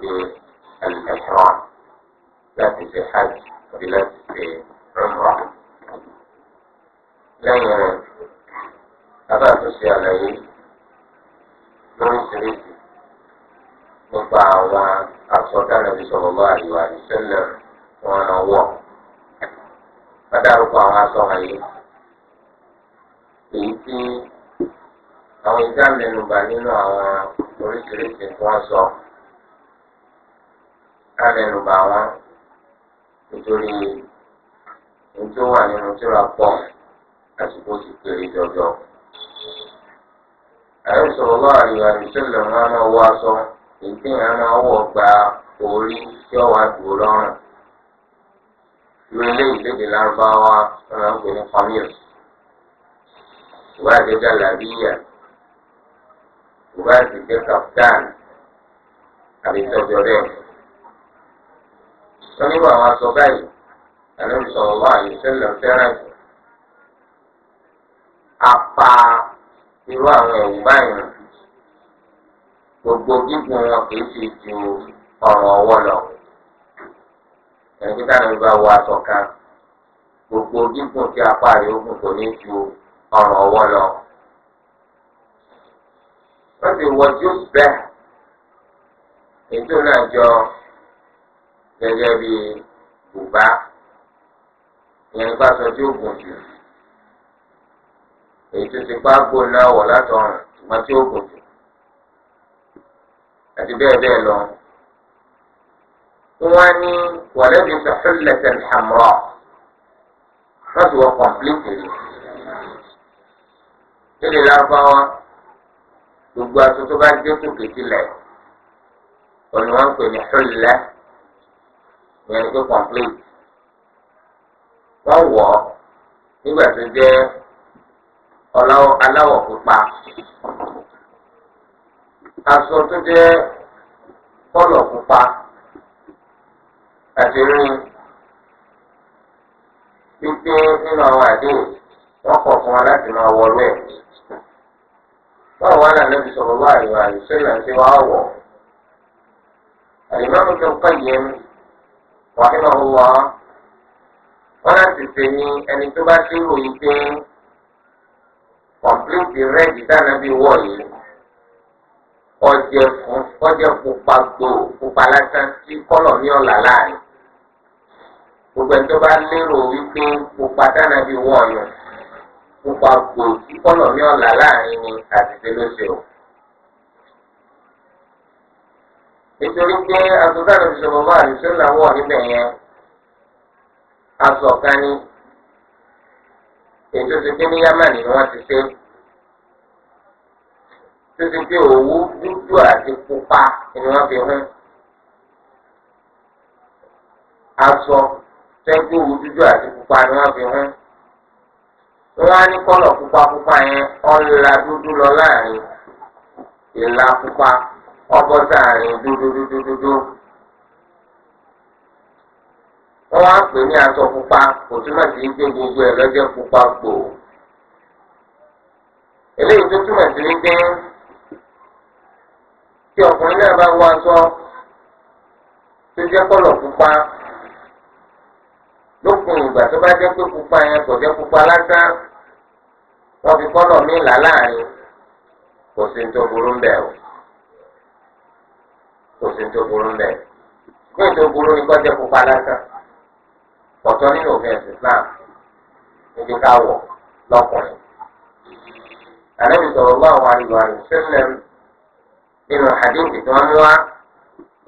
que yàn ìwà àjẹjà làbíyà ìwà àjẹjẹ kaftan àbí tọjọ rẹ wọn níwọ àwọn aṣọ báyìí ànábi sọ̀rọ̀ wá àyùsẹ́lẹ̀ fẹ́ràn jù apá irú àwọn ẹ̀wù báyìí gbogbo gígùn wọn kì í ti ju ọ̀rọ̀ ọwọ́ lọ ẹni tí táwọn ìbá wọ aṣọ kan gbogbo gígùn tí apá rẹ̀ ogun kò ní ju ọrùn ọwọ́ lọ. wọ́n ti wọ jùs bẹ́ẹ̀ ètò náà jọ gẹ́gẹ́ bí bùbá ìyẹn bá sọ tí ó gùn jù èyí tó ti pa gbóná wọ̀ látọ̀run ṣùgbọ́n tí ó gùn jù àti bẹ́ẹ̀ bẹ́ẹ̀ lọ. wọ́n á ní wàlẹ́bí sọ̀fẹ́lẹ̀tẹ̀ hàmúrọ̀. láti wọ kọ̀m̀plíìtì ni. Lédè lárúbáwá gbogbo aṣọ tó bá dé kò kéjì lẹ̀ òní wọ́n ń pè ní ṣọlẹ̀ ìyẹn ní pé kọ̀m̀plíìtì. Wọ́n wọ̀ nígbà tó jẹ́ aláwọ̀ pupa. Aṣọ tó jẹ́ kọ́lọ̀ pupa àti rin. wípé nínú àwọn àdéhùn wọn kọ̀ fún wa láti máa wọlé ẹ̀. báwo wá lànà bí sọ̀rọ̀ wá àríwá àlùsílẹ̀ ń ṣe wá wọ̀? àlìmọ́mù tó kọ́ yẹn wàhíwá wọ́ wọn láti ṣe ní ẹni tó bá ti ròyìn pé kọ̀m̀pìlìtì rẹ́ẹ̀dì dáná bí wọ̀ yìí ọjẹ pupa gbòò pupa lásán tí kọ́lọ̀ ní ọ̀la láàrin gbogbo ẹni tó bá lérò wípé pupa dáná bí wọ̀nyọ̀ pupa gbò kíkọ́nà ní ọ̀la láàrin ni àtìsẹ́ ló ṣe o. nítorí pé asọ̀tàn ìṣòro máa ń ṣe làwọ̀ níbẹ̀ yẹn aṣọ kan ní èyí tó ti pé ní yámánì ni wọ́n ti ṣe tó pé òwú dúdú àti pupa ni wọ́n fi hún aṣọ sẹ́ńtì wo dúdú àti pupa ni wọ́n fi hún. wọ́n á ní kọ́lọ̀ pupa pupa yẹn ọ̀la dúdú lọ láàrin ìlà pupa ọbọ̀ sáàrin dúdú dúdú dúdú. wọ́n á pè ní aṣọ pupa kò túmọ̀ sí pé gbogbo ẹ̀ lọ́jọ́ pupa gbò. eléyìí tó túmọ̀ sí wípé tí ọkùnrin náà bá wọ aṣọ tó jẹ́ kọ́lọ̀ pupa lópin ìgbà tó bá jẹ́ pé pupa yẹn kò jẹ́ pupa lásán wọ́n fi kọ́lọ̀ míì là láàrin kò sí ní tó burú ń o kò sí ní tó burú ń bẹ̀ kí ní tó burú ni kọ́ jẹ́ pupa lásán ọ̀tọ̀ nínú òfin ẹ̀sìn Islam níbi ká wọ̀ lọ́kùnrin Ànábì sallallahu alaihi wa sallam nínú hadith tí wọ́n mú wá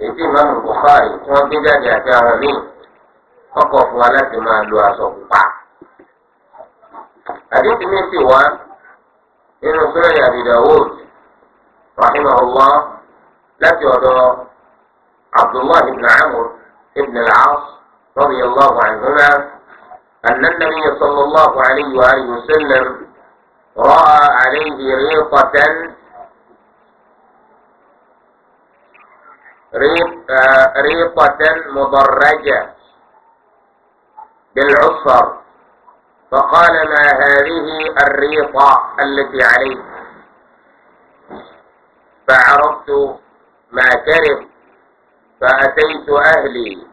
èyí tí Imam Bukhari tí wọ́n gbé jáde àti àwọn míì. ọkọ̀ fún wa láti máa lo aṣọ pupa. àdéhùn mi sì wá nínú sọ́rọ̀ Abi Dawud rahimahullah láti ọ̀dọ̀ abdullahi ibn amr ibn al-as radiyallahu anhuma anna an-nabiy sallallahu alayhi wa alihi wa sallam ra'a alayhi riqatan ريقة مضرجة بالعصفر فقال ما هذه الريطة التي عليك فعرفت ما كرم فأتيت أهلي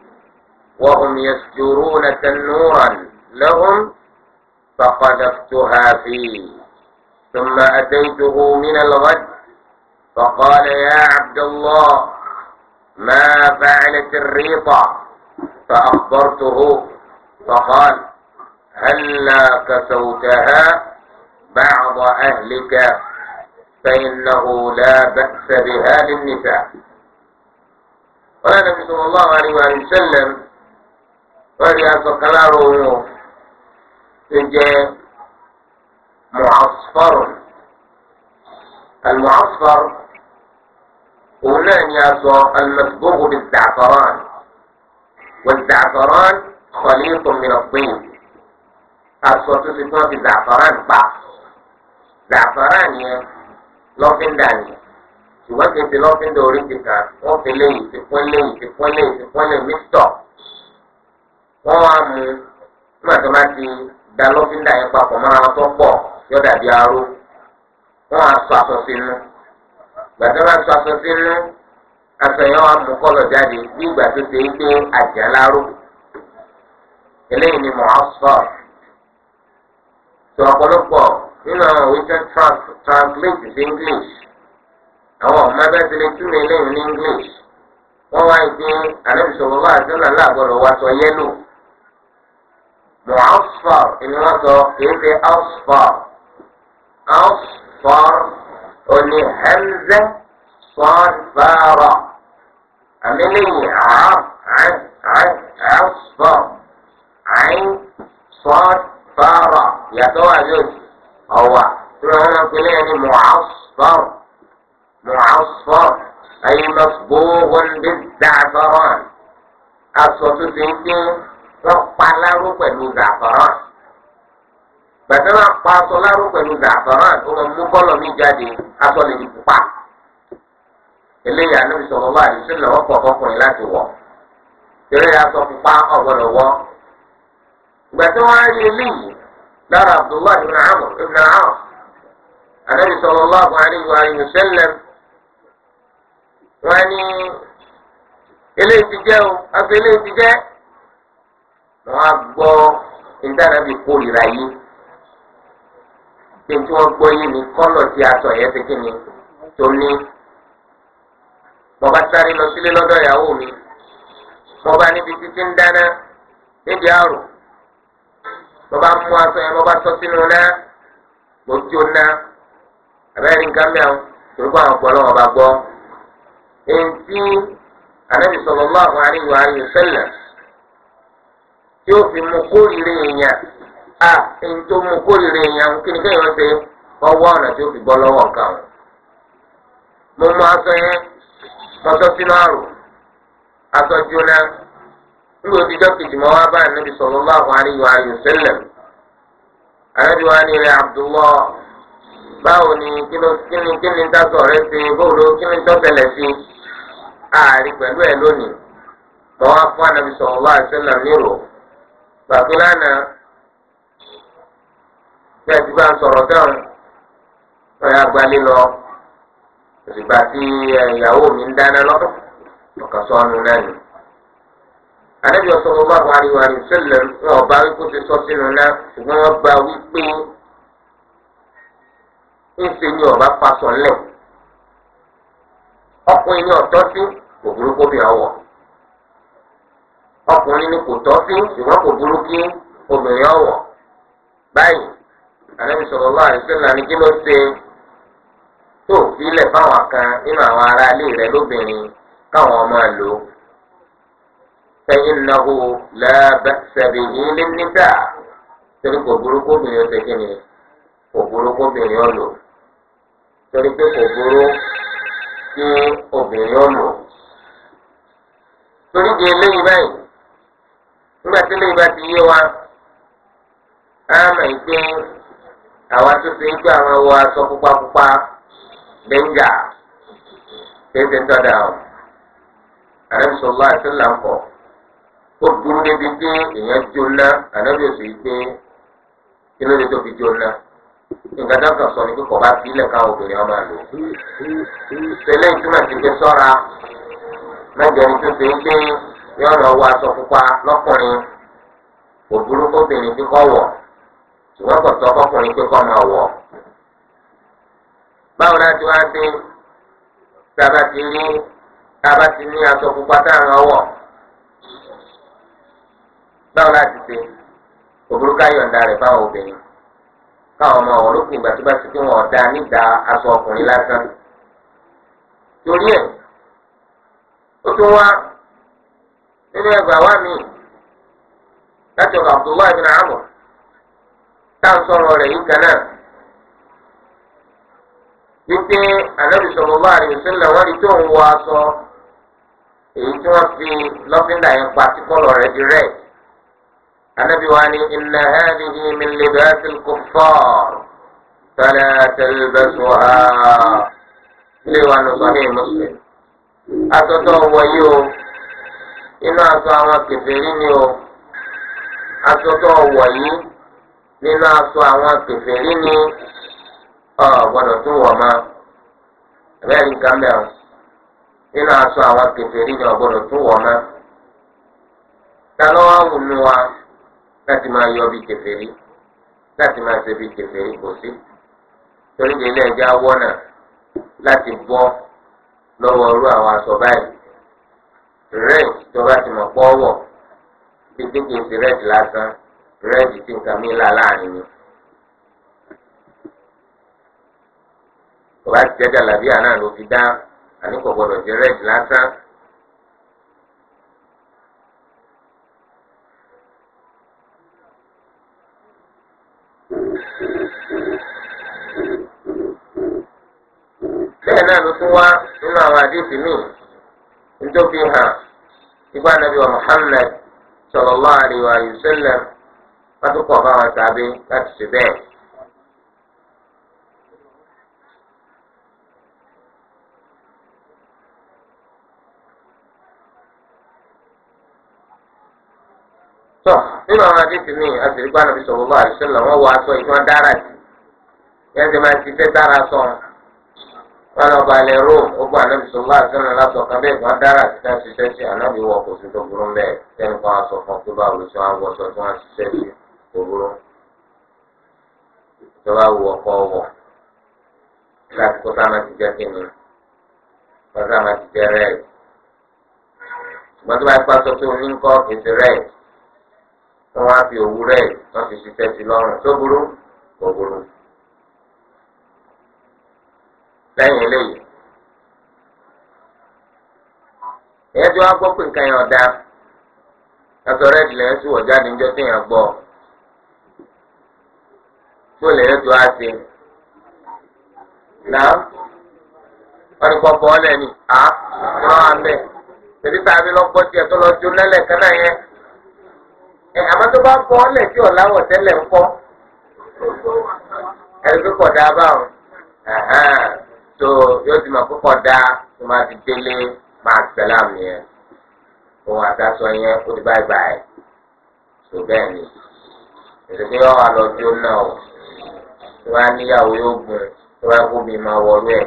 وهم يسجرون تنورا لهم فقذفتها فيه ثم أتيته من الغد فقال يا عبد الله ما فعلت الريطة فأخبرته فقال هلا كسوتها بعض أهلك فإنه لا بأس بها للنساء قال النبي صلى الله عليه وآله وسلم يا سكراره تجاه معصفر المعصفر هنا يصو المصبوغ بالزعفران والزعفران kọ̀lí tòmìnà péye aṣọ tó ti tán fi zàfàràn pa zàfàràn yẹn lọ́fíńdà ni ìwọ́n ti fi lọ́fíńdà orí ti kàn wọ́n fi léyìí ti pọ́n léyìí ti pọ́n léyìí ti pọ́n léyìí mixtọ̀ wọ́n wá mu nígbà tó bá ti da lọ́fíńdà yẹn papọ̀ mọ́ra wọn tó pọ̀ yọ dàbí aró wọ́n á sọ aṣọ sínú gbàtọ́ bá sọ aṣọ sínú aṣọ yẹn wá mú kọ́lọ̀ jáde bí ìgbà tó ṣe é gbé àjàlá rò eléyìí ni mu'asfar tó ọ̀pọ̀lọpọ̀ nínú àwọn òwe tẹ́ translate sí English àwọn ọ̀ma bẹ́ẹ̀ ti lè túmọ̀ eléyìí ní English wọ́n wá ìgbé àlẹ́bìsọ̀rọ̀ bá àtúnlá láàbọ̀rọ̀ wa sọ yẹ́lò mu'asfar ni wọ́n sọ kìí ṣe asfar oní hamza sọ̀rọ̀ àmì lẹ́yìn àá àá àá asfar àìn sọ́ọ̀t fáárọ̀ ìyàtọ̀ wà yóò di ọ̀wà tí wọ́n máa ń pè lẹ́yìn ní mọ̀ọ́sọ̀r mọ̀ọ́sọ̀r ayé mọ̀sbóhùn bí zàfọ̀rọ̀n aṣọ tó ti ń dín wọ́n pa láró pẹ̀lú zàfọ̀rọ̀n gbàtẹ́ wọn pa aṣọ láró pẹ̀lú zàfọ̀rọ̀n tó wọn mú bọ́ọ̀lù mi jáde aṣọ lè di pupa eléyìí àná ìṣòro wà ní sílẹ̀ wọ́n pọ̀ fọkùnrin láti wọ̀ eré aṣọ pupa ọ̀gbọ́dọ̀ wọ̀ ìgbà tí wọ́n rí eléyìí lára abdullahi ibn amr ibn amr anabi sallallahu alayhi wa sallam wọ́n ní eléyìí ti o àti eléyìí ti jẹ́ wọ́n á gbọ́ ìdánábì kórìíra yìí tẹ̀tí wọ́n gbọ́ yìí ní kọ́lọ̀ tí ya yẹn ti kí ni tó ní bọ́bá sáré lọ sílé lọ́dọ̀ ìyàwó mi bọ́bá níbi títí ń bọ́bá mú aṣọ yẹn bọ́bá sọ sínú náà kò ń abẹ́rẹ́ nǹkan mẹ́wọ́ torí kó àwọn ọ̀pọ̀lọ́ ọba gbọ́. Èntì ànábì sallallahu alaihi wa tí ó fi mú kórìíra èèyàn à èyí tó mú kórìíra èèyàn kí ni kéèyàn ṣe ọwọ́ ọ̀nà tí ó fi bọ́ lọ́wọ́ kan. Mo mú aṣọ yẹn mọ́tọ́ sínú aṣọ jóná. nígbà tí dọ́kítì mọ́ wá bá ànábì àwọn alaihi wa sallam ànábì wá ní rẹ̀ báwo ni kíni kíni dákọ̀ rẹ ti bóòló kíni tọ́tẹ̀lẹ̀ sí ààrí pẹ̀lú ẹ̀ lónìí bọ́wá fún ànábì sallallahu alaihi wa nírò lánàá bí ẹ ti bá ń sọ̀rọ̀ anabi sallallahu alaihi wa sallam wọn ọba wípé ti sọ sínú náà ṣùgbọ́n wọn gba wípé ńṣe ni ọba pasọ lẹ ọkùnrin ni ọtọ sí kò bí ọwọ ọkùnrin ni kò tọ́ sí kò burú kí obìnrin ọwọ báyìí anabi kí ló ṣe tó fi fáwọn kan nínú ará ilé lóbìnrin káwọn ọmọ فإنه لا بأس به للنساء torí kò burú kóbìnrin ọsẹ kí ni kò burú kóbìnrin ọlò torí pé kò burú kí obìnrin ọlò torí di eléyìí báyìí nígbà tí eléyìí bá ti yé wa á mọ̀ yìí pé àwa tó ṣe é gbé àwọn ẹwà aṣọ pupapupa dẹ́njà tẹ́tẹ́ tọ́da ọ̀ ó burú débi pé èèyàn jóná ànábì òsì yìí pé kí ló dé tó fi jóná nǹkan tó kàn sọ ni pé kò bá fi ilẹ̀ káwọn obìnrin ọmọ àlò tẹ́lẹ̀ ìtumọ̀ ti fi sọ́ra mẹ́jọ ni tó ṣe ń pé yọ lọ wọ aṣọ pupa lọ́kùnrin kò burú kóbìnrin pé kọ́ wọ̀ ṣùgbọ́n kò tọ́ kọ́kùnrin pé kọ́ máa wọ̀ báwo láti wá dé tá a bá ti rí tá a bá ti ní aṣọ pupa tá a lọ wọ̀. báwo láti ṣe òbúrú ká yọ̀ǹda rẹ̀ obìnrin káwọn ọmọ wọn lópin ọ̀dà nígbà aṣọ ọkùnrin lásán torí ẹ̀ ó tún wá nínú ẹgbàá wá mi láti táwọn sọ̀rọ̀ rẹ̀ kan náà wípé ni tó ń wọ aṣọ èyí tí wọ́n fi lọ́fíńdà yẹn pa tí kọ́lọ̀ rẹ̀ anabi wa ni inna hadhihi min libasil kuffar fala talbasuha ilé wa ló sọ ní muslim asọtọ wọ̀nyí o inú aṣọ àwọn kèfèrí ni o asọtọ wọ̀nyí nínú ni ọ gbọ́dọ̀ ma láti máa yọ bí kèfèrí láti máa ṣe bí kèfèrí kò sí torí délé ẹjẹ awọ́nà láti bọ́ lọ́wọ́ irú àwọn aṣọ báyìí rẹ́ẹ̀d tó bá ti mọ̀ pọ́wọ̀ títí kìí ṣe rẹ́ẹ̀d lásán rẹ́ẹ̀d tí nǹkan mi là láàrin ni. kò bá ti jẹ́ dàlàbí àná ló fi dá àní kò jẹ́ rẹ́ẹ̀d lásán. náà ló tún wá nínú àwọn àdéhùn míì nítorí hàn ìgbà nàbí wa Muhammad sallallahu alaihi wa sallam ọba wọn tàbí láti ṣe tọ nínú àwọn àdéhùn míì àti ìgbà nàbí sallallahu alaihi wa wọn wọ aṣọ ìfọn dára jù yẹn ti máa ti dára wọn lọ balẹ̀ rome ó gba anabi sọlá àtúnlẹ̀ lásán kan bẹ́ẹ̀ bá dára síta ṣiṣẹ́ sí anabi wọ kò sí tó burú ń bẹ́ẹ̀ sẹ́ni kan á sọ fún ọ pé báwo ló ṣe wá wọṣọ tí wọ́n ṣiṣẹ́ sí kò burú tó bá wù ọkọ wọ̀ láti kó sáà ti jẹ́ kíni kó sáà ti jẹ́ rẹ́ẹ̀dì ṣùgbọ́n tó bá ipá sọ pé oníkọ́ èsì rẹ́ẹ̀dì wọ́n wá fi òwú rẹ́ẹ̀dì wọ́n fi ṣiṣẹ́ sí lọ́rùn tó burú kò burú. lẹ́yìn eléyìí. ìyẹn tí wọ́n á gbọ́ pé nǹkan yẹn ọ̀dà ẹ̀sọ́ rẹ́ẹ̀dì lẹ́yìn tí wọ́n jáde níjọ́ tí yẹn gbọ́ ni à ń rán an bẹ́ẹ̀ tẹ̀lé tàbí lọ́gbọ́ tiẹ̀ tó lọ jó lẹ́lẹ̀ kan náà yẹn. ẹ àmọ́ tó bá bọ́ ọ́lẹ̀ tí tẹ́lẹ̀ ń tó yóò ti mọ̀ púpọ̀ dá tó máa ti délé máa sẹ́lám nìyẹn òun àtàsọ yẹn ó ti báyìí báyìí tó bẹ́ẹ̀ ni ìdílé wa wà lọ bí ó ná o tó bá níyàwó yóò gùn tó bá gómi máa wọlú ẹ̀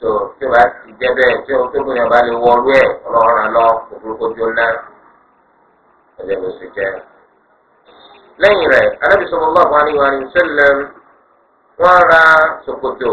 tó tó bá ti jẹ́ bẹ́ẹ̀ tó tó gbìyànjú bá lè wọlú ẹ̀ ọlọ́run àná òfurufú tó ná ọjọ́ ló sì jẹ́ lẹ́yìn rẹ̀ anábìsọ̀rọ̀ lọ́wọ́ àníwá ni sẹ́lẹ̀ wọ́n ra ṣòkòtò.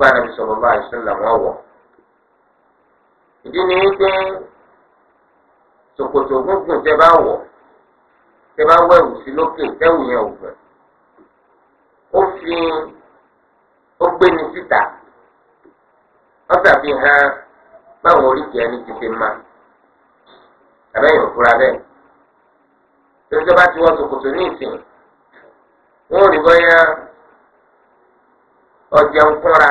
gbogbo ànábi sọ̀rọ̀ bá àìsílẹ̀ wọn wọ̀. ìdí ni wípé ṣòkòtò gúngùn tẹ bá wọ̀ tẹ bá wẹ̀wù sí lókè tẹ́wù yẹn ò gbẹ̀. ó fi ó gbé ní síta ó ṣàfihàn báwọn oríkì ẹni ti fi máa àbẹ́yìn òfura bẹ́ẹ̀. Tẹ́tẹ́ bá ti wọ ṣòkòtò ní ìsìn, wọ́n ò ní bọ́yá ọjà ń kúnra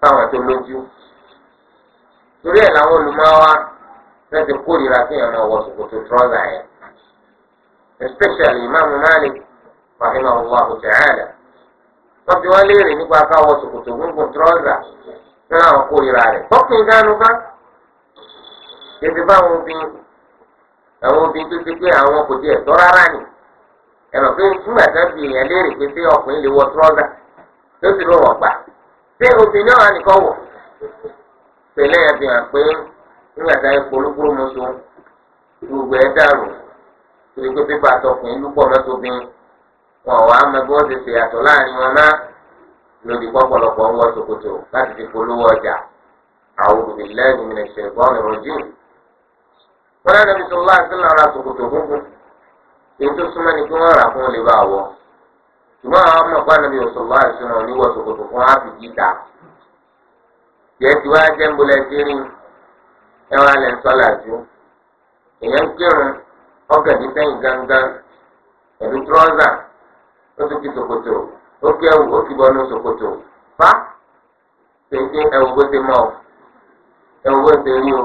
fáwọn tó lójú torí ẹ̀ làwọn olùmọ́wá náà ti kórìíra kí ẹ̀rọ wọ ṣòkòtò trọ́zà yẹn especially imaamu Malik rahimahullahu ta'ala wọ́n fi léèrè nípa káwọ́ ṣòkòtò gúngùn trọ́zà nínú àwọn kórìíra rẹ̀ tọ́kùn gánú bá tètè bá obìnrin àwọn obìnrin tó ti pé àwọn kò tiẹ̀ tọ́ rárá ni ẹ̀rọ pé nígbà tó fi èèyàn léèrè pé ṣé ṣé obìnrin náà nìkan wọ̀ pẹ̀lú ẹ̀yà fi hàn pé nígbà tá ẹ polúkúrú mu so gbogbo ẹ dàrú torí pé pépà tọkùnrin lúpọ̀ mọ́tò bí wọn wàá mọ bí wọ́n ti ṣe yàtọ̀ láàrin wọn náà lórí pọ́pọ̀lọpọ̀ ń wọ ṣòkòtò láti fi polówó ọjà àwọn obìnrin lẹ́yìn ṣùgbọ́n àwọn ọmọkùnrin ànábi ọ̀sọ̀lá ìṣúná oníwọ̀ ṣòkòtò fún áàpì gíga yẹ ti wá jẹ́ ńbọ̀lẹ̀ tírí ẹwà lẹ̀ ń sọ́là jù èèyàn ń kírun ọ̀gẹ̀dì sẹ́yìn gángan pẹ̀lú trọ́zà ó tún kí ṣòkòtò ó kí ẹwù ó kí bọ́nú ṣòkòtò fa ṣèṣe ẹwù bó ṣe mọ̀ ẹwù bó ṣe rí o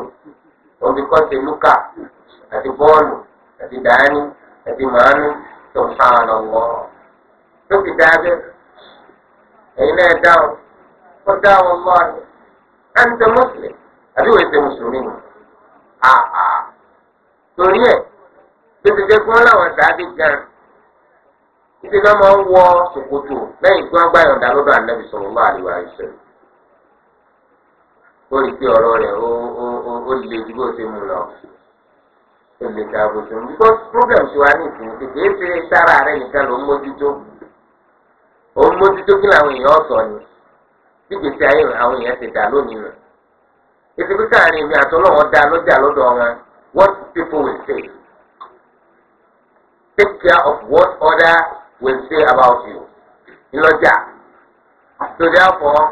òbí kọ́ ṣe lúkà àti bọ́ọ̀lù àti dání àti màánú tó ń sáwọn ọ̀gbọ́n tó fi dáa bẹ́ẹ̀ ẹ̀yin náà dáhùn ó dáhùn lọ́ọ̀ni ẹ̀ ń tẹ mùsùlùmí àbí wòye tẹ mùsùlùmí ni àhà torí ẹ̀ tètè jẹ́ kí wọ́n láwọn sáábì gan-an títí náà máa ń wọ ṣòkòtò lẹ́yìn tí wọ́n gbá yọ̀ǹda lọ́dọ̀ ànábì sallallahu alaihi wasallam ó rí pé ọ̀rọ̀ rẹ̀ ó ó ó ó ju bó ṣe mú lọ ó le ju àbòsí mu because problem ṣe wá ní ìsinmi kékeré ṣe sára rẹ̀ nìkan ló ń mójútó mójútó kí làwọn èèyàn sọ ni bí ayé àwọn èèyàn ti dà lónìí nù èsì pé káàrin mi àtọ́lọ́wọ́n dá lọ́jà lọ́dọ̀ wọn what people will say take care of what other will say about you ńlọ́jà so therefore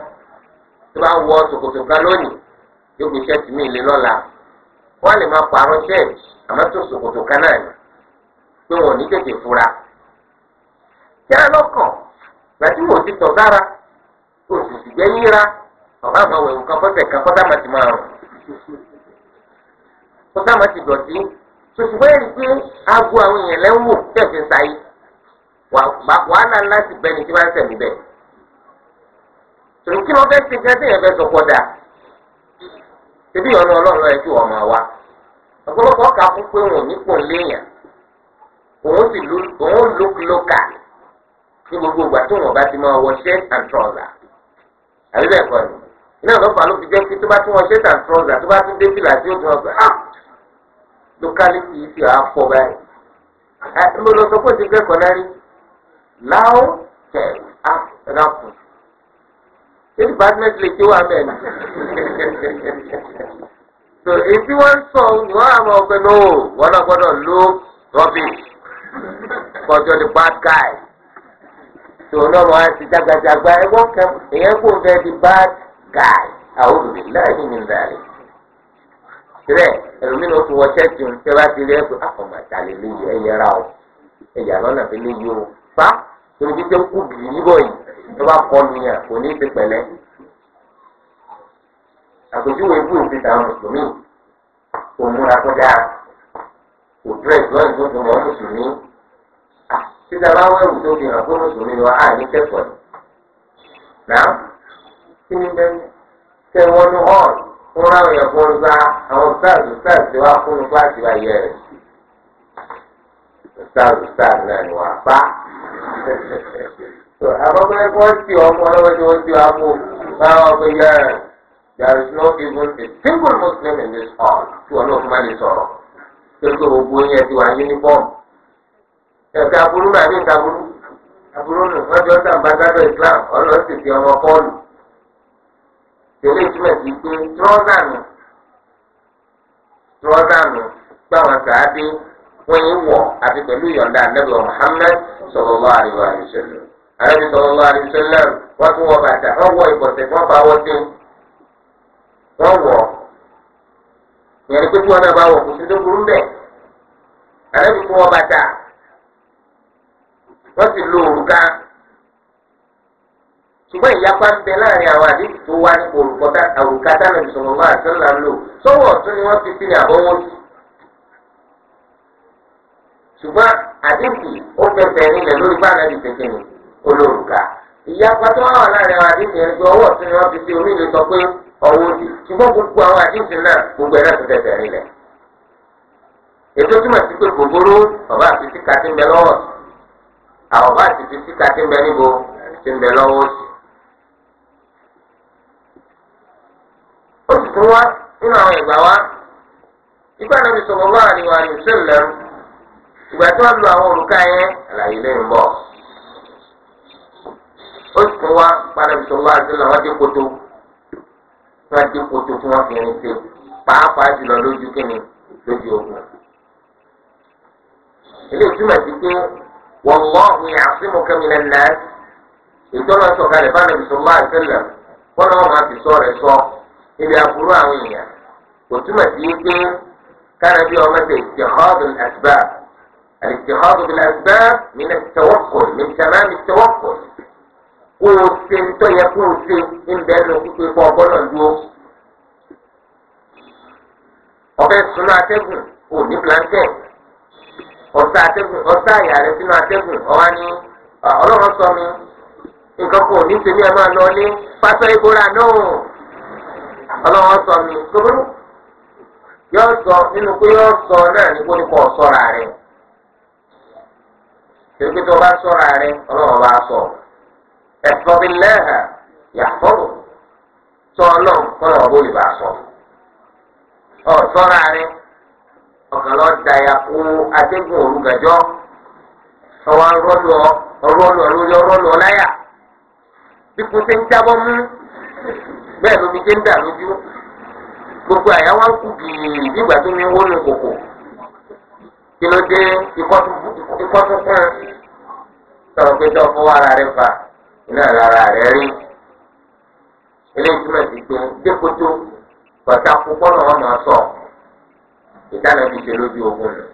tó bá wọ ṣòkòtò kan lónìí yóò gbé ṣẹ́ẹ̀tì mi lé lọ́la wọ́n lè máa pààrọ̀ ṣẹ́ẹ̀tì àmọ́ tó ṣòkòtò kan náà ni pé wọn ò ní tètè fura kí á lọ́kàn. gbàtí wò ti tọ̀ dára kò sì sì jẹ́ yíra ọ̀gá àgbà wẹ̀wù kan fọ́sẹ̀ kan kọ́dá màtí máa rùn kọ́dá màtí dọ̀tí ṣùgbọ́n ẹ̀rí pé aago àwọn èèyàn lẹ́wọ̀ tẹ̀sí sáyé wàhálà ńlá ti ma ní tí wọ́n ń sẹ̀mí bẹ́ẹ̀. tòun kí wọ́n fẹ́ ṣe gan tẹ̀yẹ̀ fẹ́ sọ ṣébí ọ̀nà ọlọ́run ọ̀pọ̀lọpọ̀ ní gbogbo ìgbà tó wọn bá ti máa wọ shirt and trouser àbí bẹ́ẹ̀ kọ́ ni iná ọlọ́pàá ló fi jẹ́ pé tó bá tún wọ shirt and trouser tó bá tún dé fìlà tí ó tún ọgbà ah lókàlìtì yìí ti àá pọ̀ báyìí mo lọ sọ pé ti kẹ́kọ̀ọ́ náà rí láwọ́ tẹ̀ á ẹ̀dá kù ṣé department lè ké wà mẹ́rin so èyí wọ́n ń sọ ni wọ́n á mọ ọ̀pẹ náà wọ́n náà gbọ́dọ̀ ló rọ́bì kọjọ́ the bad guy tòun náà wọn ti jagbajagba ẹgbọn kan èèyàn kò fẹ́ di bad guy àwọn olùdíláàdì ní ìdàlẹ. tìrẹ ẹlòmínú tó wọ ṣẹ́ẹ̀tì ń tẹ́lá ti rí ẹgbẹ́ àfọ̀mọ̀ ah, àtàlẹ́ léyìí ẹ̀yẹ ra o ẹ̀yà lọ́nà fi léyìí o fa torí títí kú bìrì níbọ̀ yìí tó bá kọ́ mi yàn kò ní í ti pẹ̀lẹ́. àpèjúwe ikú ìfi tàwọn mùsùlùmí kò múra tó dáa kò dúrẹ̀ ìgbọ́n títa bá wẹ̀rù tó fi hàn fún mùsùlùmí wa á ní kẹ́kọ̀ọ́ ni. Nàá kí ni bẹ́ẹ̀ tẹ wọn ní hall fún ráwọn èèyàn fún olùgbà àwọn stars stars ti wá fún olùgbà àti ayé rẹ̀. Stars stars náà ni wà bá. Àkọ́kọ́ ẹ̀kọ́ ti ọmọ ọlọ́wọ́ tí wọ́n ti wá fún báwọn ọgbẹ́ yẹn. There is no even a single Muslim in this hall tí wọn náà fún wa lè sọ̀rọ̀. Kí ló gbogbo yẹn ti wá yúnífọ́ọ̀mù? ẹ̀ka aburú náà ní ìka aburu aburú nù lọ́jọ́ sàǹbàgbàdo Islam ọlọ́sì ti ọmọ pọ́ọ̀lù tẹ̀lé ìtumọ̀ sí pé trọ́zà nù trọ́zà nù gbàwọn sàádé wọ́n yín àti pẹ̀lú ìyọ̀ǹda ànábì Muhammad sallallahu alaihi wasallam ànábì sallallahu alaihi wasallam wọ́n tún wọ bàtà wọ́n ìbọ̀sẹ̀ wọ́n bá wọ́n dé wọ́n wọ̀ ìyẹn ni pé kí wọ́n náà bá wọ̀ tó burú bẹ́ẹ̀ wọ wọ́n sì lo òrùka ṣùgbọ́n ìyapa ń bẹ láàrin àwọn àdéhùn tó wá ní òrùka dáná ìṣòro máa tó là ń lò sọ́wọ́ ọ̀tún ni wọ́n fi sí ní àbọ̀wọ́ sí. ṣùgbọ́n àdéhùn ó fẹsẹ̀ nílẹ̀ lórí báńkì ti tẹ̀kẹ̀ ní olórùka. ìyapa tó wà láàrin àwọn àdéhùn yẹn pé ọwọ́ ọ̀tún ni wọ́n fi sí omi ìlú sọ pé ọwọ́ sí ṣùgbọ́n gbogbo àwọn àdéhùn náà gbogbo ẹ̀ náà ti fẹsẹ̀ nílẹ̀. ètò àwọn bá ti fi síta tí ń bẹ níbo tí ń bẹ lọ́wọ́ òsì. ó sì tún wá nínú àwọn ìgbà wa ìgbà náà fi sọ̀rọ̀ wá àríwá ní sẹ́lẹ̀ ìgbà tí wọ́n lu àwọn òrùka yẹn àlàyé lẹ́yìn bọ̀. ó sì tún wá padà fi sọ̀rọ̀ wá àríwá wọn dé koto wọn dé koto fi rin ṣe pàápàá jùlọ lójú kíni lójú ogun. ilé ìtumọ̀ sí pé. والله ya'simuka minan nas ìtọ́nà sọ̀kalẹ̀ bá nàbì sallallahu alaihi wasallam kọ́nà wọn máa fi sọ rẹ̀ sọ ibi àbúrò àwọn èèyàn kò túmọ̀ sí pé kánàbí ọmọ ṣe ìtìhọ́dù al-asbab al-ìtìhọ́dù bil-asbab min at-tawakkul min tamam kó o ṣe ń yẹ kó o ṣe ń bẹ́ẹ̀ lọ pípé kọ́ ọgbọ́n dúró ọ̀fẹ́ sunu atẹ́gùn ò ní plantain ọ̀sá àtẹ́gùn ọ̀sá àyà rẹ sínú àtẹ́gùn ọ̀wá ní ọlọ́run sọ mi nǹkan kò ní tèmi ẹ̀ máa lọ ní pásọ ìbora náà ọlọ́run sọ mi tóbi sọ nínú pé sọ náà ní kó ní kó tèmi tó bá ọ̀kan lọ da ya kó atẹ́gùn òru gàjọ́ ọwọ́ ọrụ ọ rọ́lù ọ lórí rọ́lù láyà bí ń gbogbo àyà wa kú gìrì nígbà tó mi wó kòkò kí ló dé pé tó fà iná ìdáná ti ṣe lójú ogun nù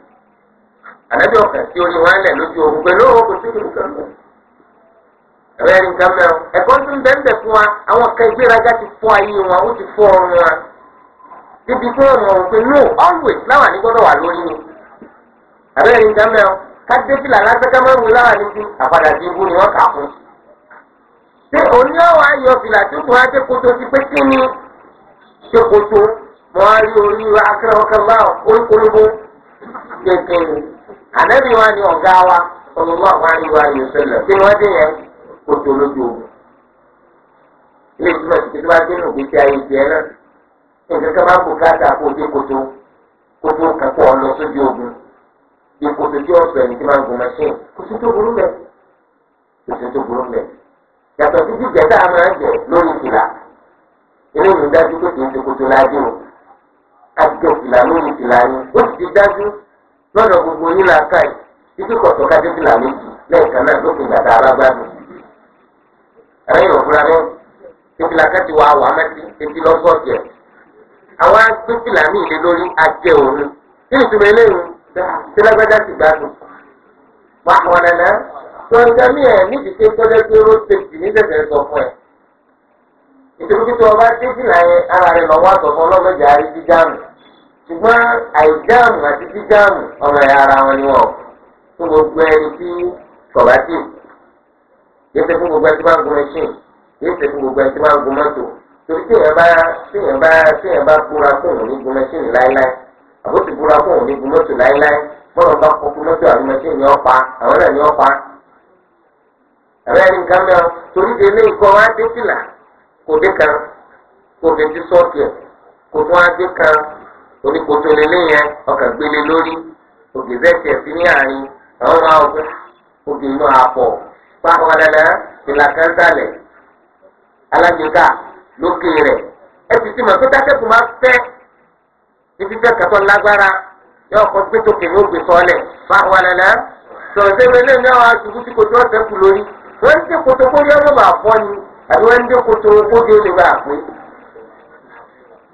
ànábì ọkàn tí orí wọn lẹ lójú ogun pẹ̀lú owó kò sí ìlú kan mọ ẹ̀rẹ́ ní nǹkan mẹ́rin ẹ̀kọ́ tó ń bẹ́ẹ̀ fún wa àwọn kan ìgbéraga ti fọ́ ayé wọn ó ti fọ́ ọrùn wọn níbi tí wọn mọ̀ pé no always láwọn ní wà lórí ni ẹ̀rẹ́ ní nǹkan mẹ́rin kádébìlà lásán máa ń wù láwọn níbi àpàdà ti ibú ni wọ́n kà fún. ṣé òní ọ̀wọ́ ayọ̀ fìlà tó tún wá mo á rí orí akérèkọlá kúrúkúrúkú kékeré ànábì wa ni wa ni wa yóò ṣẹlẹ̀ tí wọ́n dín yẹn kó tó lójú omi. ilé ìtumọ̀ ìsìnkú tó bá dé nù gbèsè ayé tiẹ̀ náà nǹkan kan máa ń bùkátà kó dé kótó kótó kankan ọ̀nà sójú ogun bí kótó tí ọ̀sọ̀ ẹni tí máa ń gun machine jọ fìlà lórí fìlà yín ó sì ti dájú lọ́dọ̀ gbogbo yín náà ká yìí títí kọ̀tọ̀ kájọ́ fìlà méjì lẹ́ẹ̀kan náà alágbádùn. fìlà ká ti wà wà mẹ́tí etí lọ́sọ̀ọ̀tì ẹ̀. àwọn agbé fìlà ní ìlé lórí òun kí ìtumọ̀ eléyìí lágbádá ti gbádùn. wà á wọn nana ẹ̀ níbi tí ṣe ní sọ fún ẹ̀. ọba dé fìlà yẹn ara rẹ̀ lọ́wọ́ àtọ̀fọ́ ṣùgbọ́n àìjáàmù àti jíjáàmù ọmọ ẹ̀yà ara wọn ni wọn gbogbo ẹni tí kọ̀bátì gbogbo ẹni tí wọ́n gbogbo ẹni tí wọ́n gun mọ́tò torí bá bá bá búra fún òun ní gun machine láéláé àbó ti búra fún òun ní gun mọ́tò láéláé bọ́lá bá kọ́ fún mọ́tò àbí machine ni pa àwọn oníkoto lélẹ́ yẹn ọkàn gbélé lórí ògè zẹ́tì ẹ̀sìn ní àárín àwọn máa wọ ògè inú àpọ̀ pápá dandan ìlà kẹ́ńtàlẹ̀ alágbèéká lókè rẹ̀ ẹ ti ti mọ̀ pé kásẹ̀kù máa fẹ́ ibi fẹ́ kẹtọ́ lágbára yọ ọkọ̀ gbé tókè ní ògbè sọ́ọ̀lẹ̀ pápá dandan sọ̀rọ̀ sẹ́mi lé ní àwọn aṣojú tí kojú ọ̀sẹ̀ kù lórí wọ́n ń dé koto kó yọ ọ́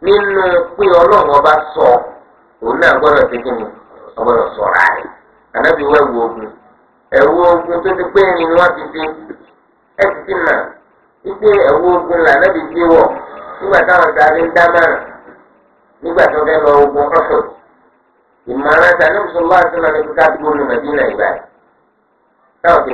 nínú pé ọlọ́run ọba sọ òun náà gbọ́dọ̀ sí kí ni ọgbọ́dọ̀ sọ̀rọ̀ rẹ̀ ànábì wọ́n ogun ẹ̀wù ogun tó ti pé ni wọ́n ti ẹ̀ ti ti nà wípé ogun là ànábì ti wọ̀ nígbà táwọn sáré ń nígbà tó fẹ́ lọ ogun ọ̀fọ̀ ìmọ̀ràn àti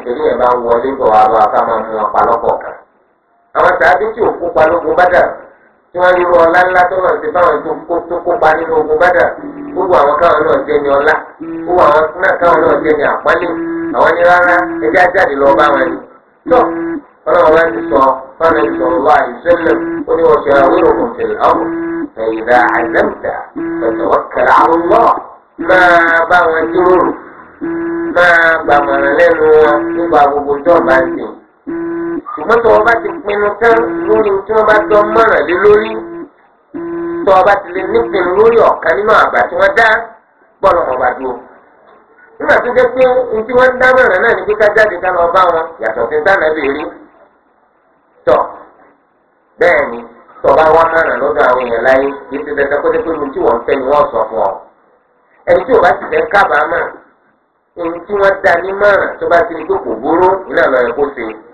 kíkà ní tí wọ́n rí irú ọlá ńlá tó lọ sí báwọn tó kópa nínú ogun bàdà gbogbo àwọn káwọn náà jẹ́ ní ọlá gbogbo àwọn náà káwọn náà jẹ́ ní àpọ́nlé àwọn ní rárá ẹjẹ́ ajáde lọ bá wọn ni. tó ọlọ́run bá ti sọ fáwọn ẹni sọ̀rọ̀ wá àdìsẹ́lẹ̀ ó ní wọ́n ṣe àwérò kò tẹ̀lé ọ̀rọ̀ ẹ̀yìnlá àzẹ́mùtà ọ̀tọ̀wọ́ àwọn náà máa bá wọn ṣùgbọ́n tó o bá ti pinnu tán lórí tí wọ́n bá tọ́ mọ̀ràn lé lórí tó o bá ti lè nípinnu lórí ọ̀kan nínú àbá tí wọ́n dá bọ́ọ̀lù wọn bá dúró. nígbà tó jẹ́ pé ní tí wọ́n dá mọ̀ràn náà ní pé ká jáde ká lọ bá wọn yàtọ̀ sí sáànà béèrè tọ̀ bẹ́ẹ̀ ni tó o bá mọ̀ràn lọ́dọ̀ àwọn èèyàn láyé kì ti dandan kó dépé ohun tí wọ́n fẹ́ ni wọ́n sọ fún ọ. ẹni tí o ti fẹ́ kábàámọ̀ ohun tí wọ́n dá ní mọ̀ràn tó bá ti ní pé kò búrú ìlànà ẹ̀kọ́ sí i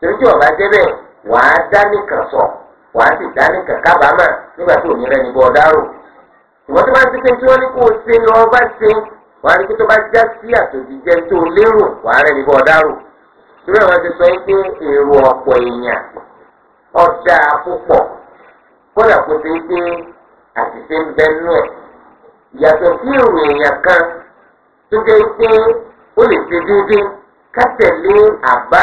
torí ọba débẹ̀ wàá dá nìkan sọ wàá sì dá nìkan kábàámà nígbà tí òní rẹ ní ìwọ́n tó bá ń tí wọ́n ní kó o ṣe lọ bá ṣe wàá bá já sí àtòjì jẹ tó lérò wàá rẹ ní torí sọ pé èrò ọpọ èèyàn kódà kó pé àṣìṣe ń bẹnu sí kan tó jẹ́ pé ó lè ṣe déédéé ká àbá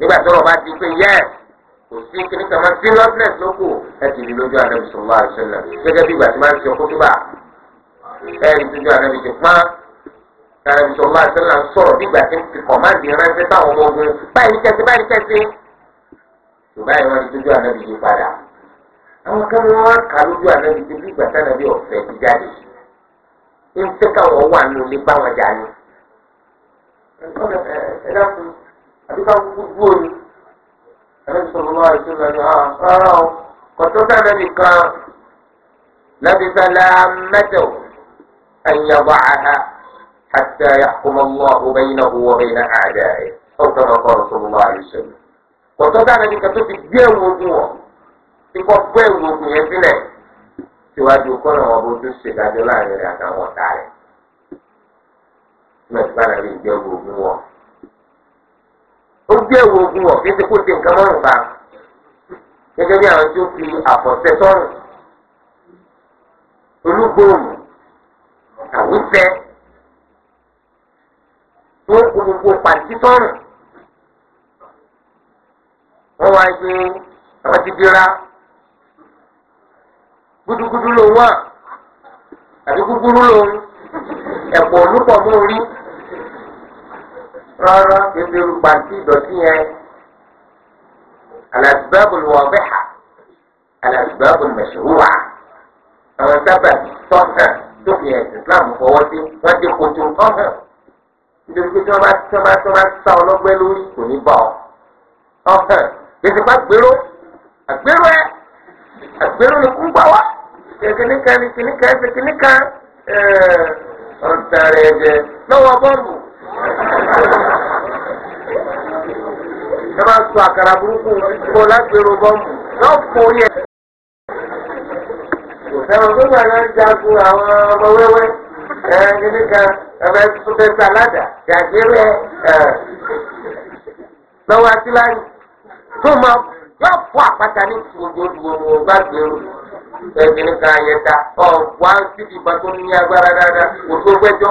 nígbà tọ́rọ̀ bá di pé yẹ kò sí kíní kan máa seriousness ló kù ẹ ti rí lójú anabi sọlá àṣẹlẹ gẹ́gẹ́ bí ìgbà tí máa ń sọ kótóbà ẹ rí lójú anabi ti pọn anabi sọlá àṣẹlẹ ń sọ̀rọ̀ nígbà tí ń fi kọmáǹdì ránṣẹ́ sáwọn ọmọ ogun báyìí kẹsí báyìí kẹsí ṣùgbọ́n àyẹ̀wò ni lójú anabi yí padà àwọn kan wọn wá kà lójú anabi àbí ká kúkú bú omi ẹlẹ́bi sọ̀rọ̀ lọ́wọ́ àti ìlànà àwọn afárá o kọ̀tún sáré nìkan lẹ́bi sálá mẹ́tẹ̀ ẹ̀yàbọ̀ àhá àti àyàkùnmọ́ mọ́ ọ̀bẹ̀yìn ọ̀wọ́ bẹ̀yìn ti ó gbé ẹ̀wù ogun wọ̀ kí sẹ́kó ṣe nǹkan mọ́rùn pa gẹ́gẹ́ bí àwọn tó fi àfọ̀sẹ́ sọ́rùn olúgbòòmù àwùfẹ́ tó kó gbogbo pàǹtí sọ́rùn wọ́n wá gbé àwọn ti dira gudugudu lòun wà àbí gúgúrú lòun ẹ̀pọ̀ olúpọ̀ mú orí rárá ebi pàǹtí ìdọ̀tí yẹn alàsìbáàbùl wàdíhà alàsìbáàbùl mashru'a àwọn sábàbí tọ́hàn tó fi ẹ̀sìn Islam fọwọ́ sí wọ́n ti kojú ọ̀hàn nítorí pé tí wọ́n bá tí wọ́n bá tí wọ́n bá sá ọlọ́gbẹ́ lórí kò ní bọ̀ ọ̀hàn gbèsè bá gbèrò àgbèrò ẹ̀ àgbèrò ni kún gbà wá kìnìkan ni kìnìkan ẹsẹ̀ kìnìkan ọ̀ntàrẹ̀ ẹ̀jẹ̀ lọ́wọ́ bọ́ọ̀lù. ẹ máa sọ àkàrà burúkú kó láti ro bọ́ǹbù yóò fò yẹ. ẹ̀wọ̀n tó gbà jagun àwọn ọmọ wẹ́wẹ́ kan tó fẹ́ ẹ̀ lọ́wọ́ tó máa fọ àpáta ní gbogbogbò gbàgbéró kan síbi ìbátan ní agbára dáadáa kò tó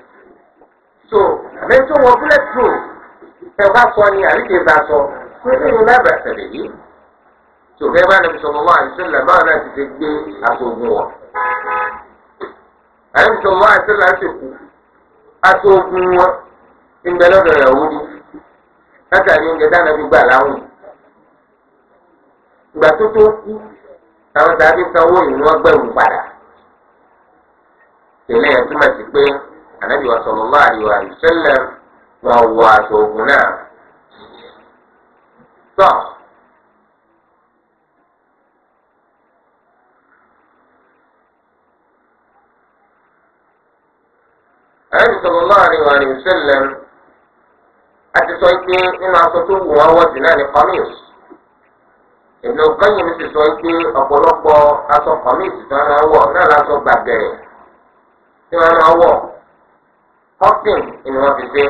so àmì tó wọ bullet proof ẹ bá sọ ni àríkè bá sọ pé ní ìlú lábàá tẹ̀lé yìí tó fẹ́ bá nàbì sọ̀rọ̀ wá àdìsẹ́lẹ̀ báwọn náà ti ti gbé aṣoògùn wọn. àyẹ̀wò sọ̀rọ̀ wá àdìsẹ́lẹ̀ á ti kú aṣoògùn wọn ìgbẹ́ lọ́dọ̀ ìyàwó rí látàrí oúnjẹ dáná gbígbà láwùn. ìgbà tó tó kú àwọn tàbí sanwó ìwọ̀n gbẹ̀rù padà. ìlẹ́yìn túmọ̀ sí pé. anabi wa sallallahu alayhi wa sallam wọn wọ aṣọ ogun náà tọ. anabi sallallahu wa sallam sọ pé nínú aṣọ tó wù wọn wọ sí náà ní kọmíìs ti sọ pé ọ̀pọ̀lọpọ̀ aṣọ kọmíìs tí wọ́n máa pọ́pìn ni wọ́n fi ṣe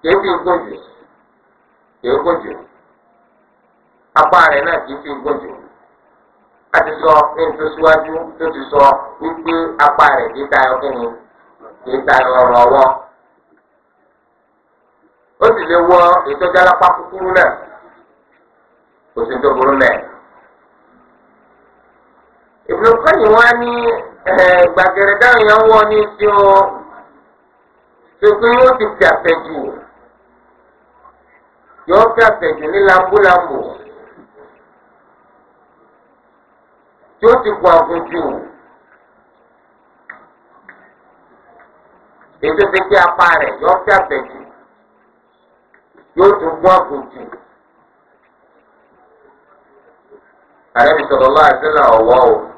kìí fi gùn jù kìí gùn jù apá rẹ̀ náà kìí fi gùn jù a ti sọ ní ìtòsíwájú tó ti sọ wípé apá rẹ̀ kìí tayọ kíni kìí tayọ ọ̀rọ̀ ó sì lè wọ ìtọ́jú alápá kúkúrú náà kò sí tó burú náà ìbùdókọ́ yìí wọ́n á ní gbàgẹ̀rẹ̀ dáhùn yẹn wọ ní tí o tuntun yóò ti fi àfẹ̀jù yóò fi àfẹ̀jù ní lambúlambù tí ó ti kọ àgùnjù ètò ti pé apá rẹ̀ yóò fi àfẹ̀jù yóò tún gbọ́ àgùnjù. Àrẹ́bí sọ̀rọ̀ lọ́wọ́ àti sẹ́lá ọ̀wọ́ o.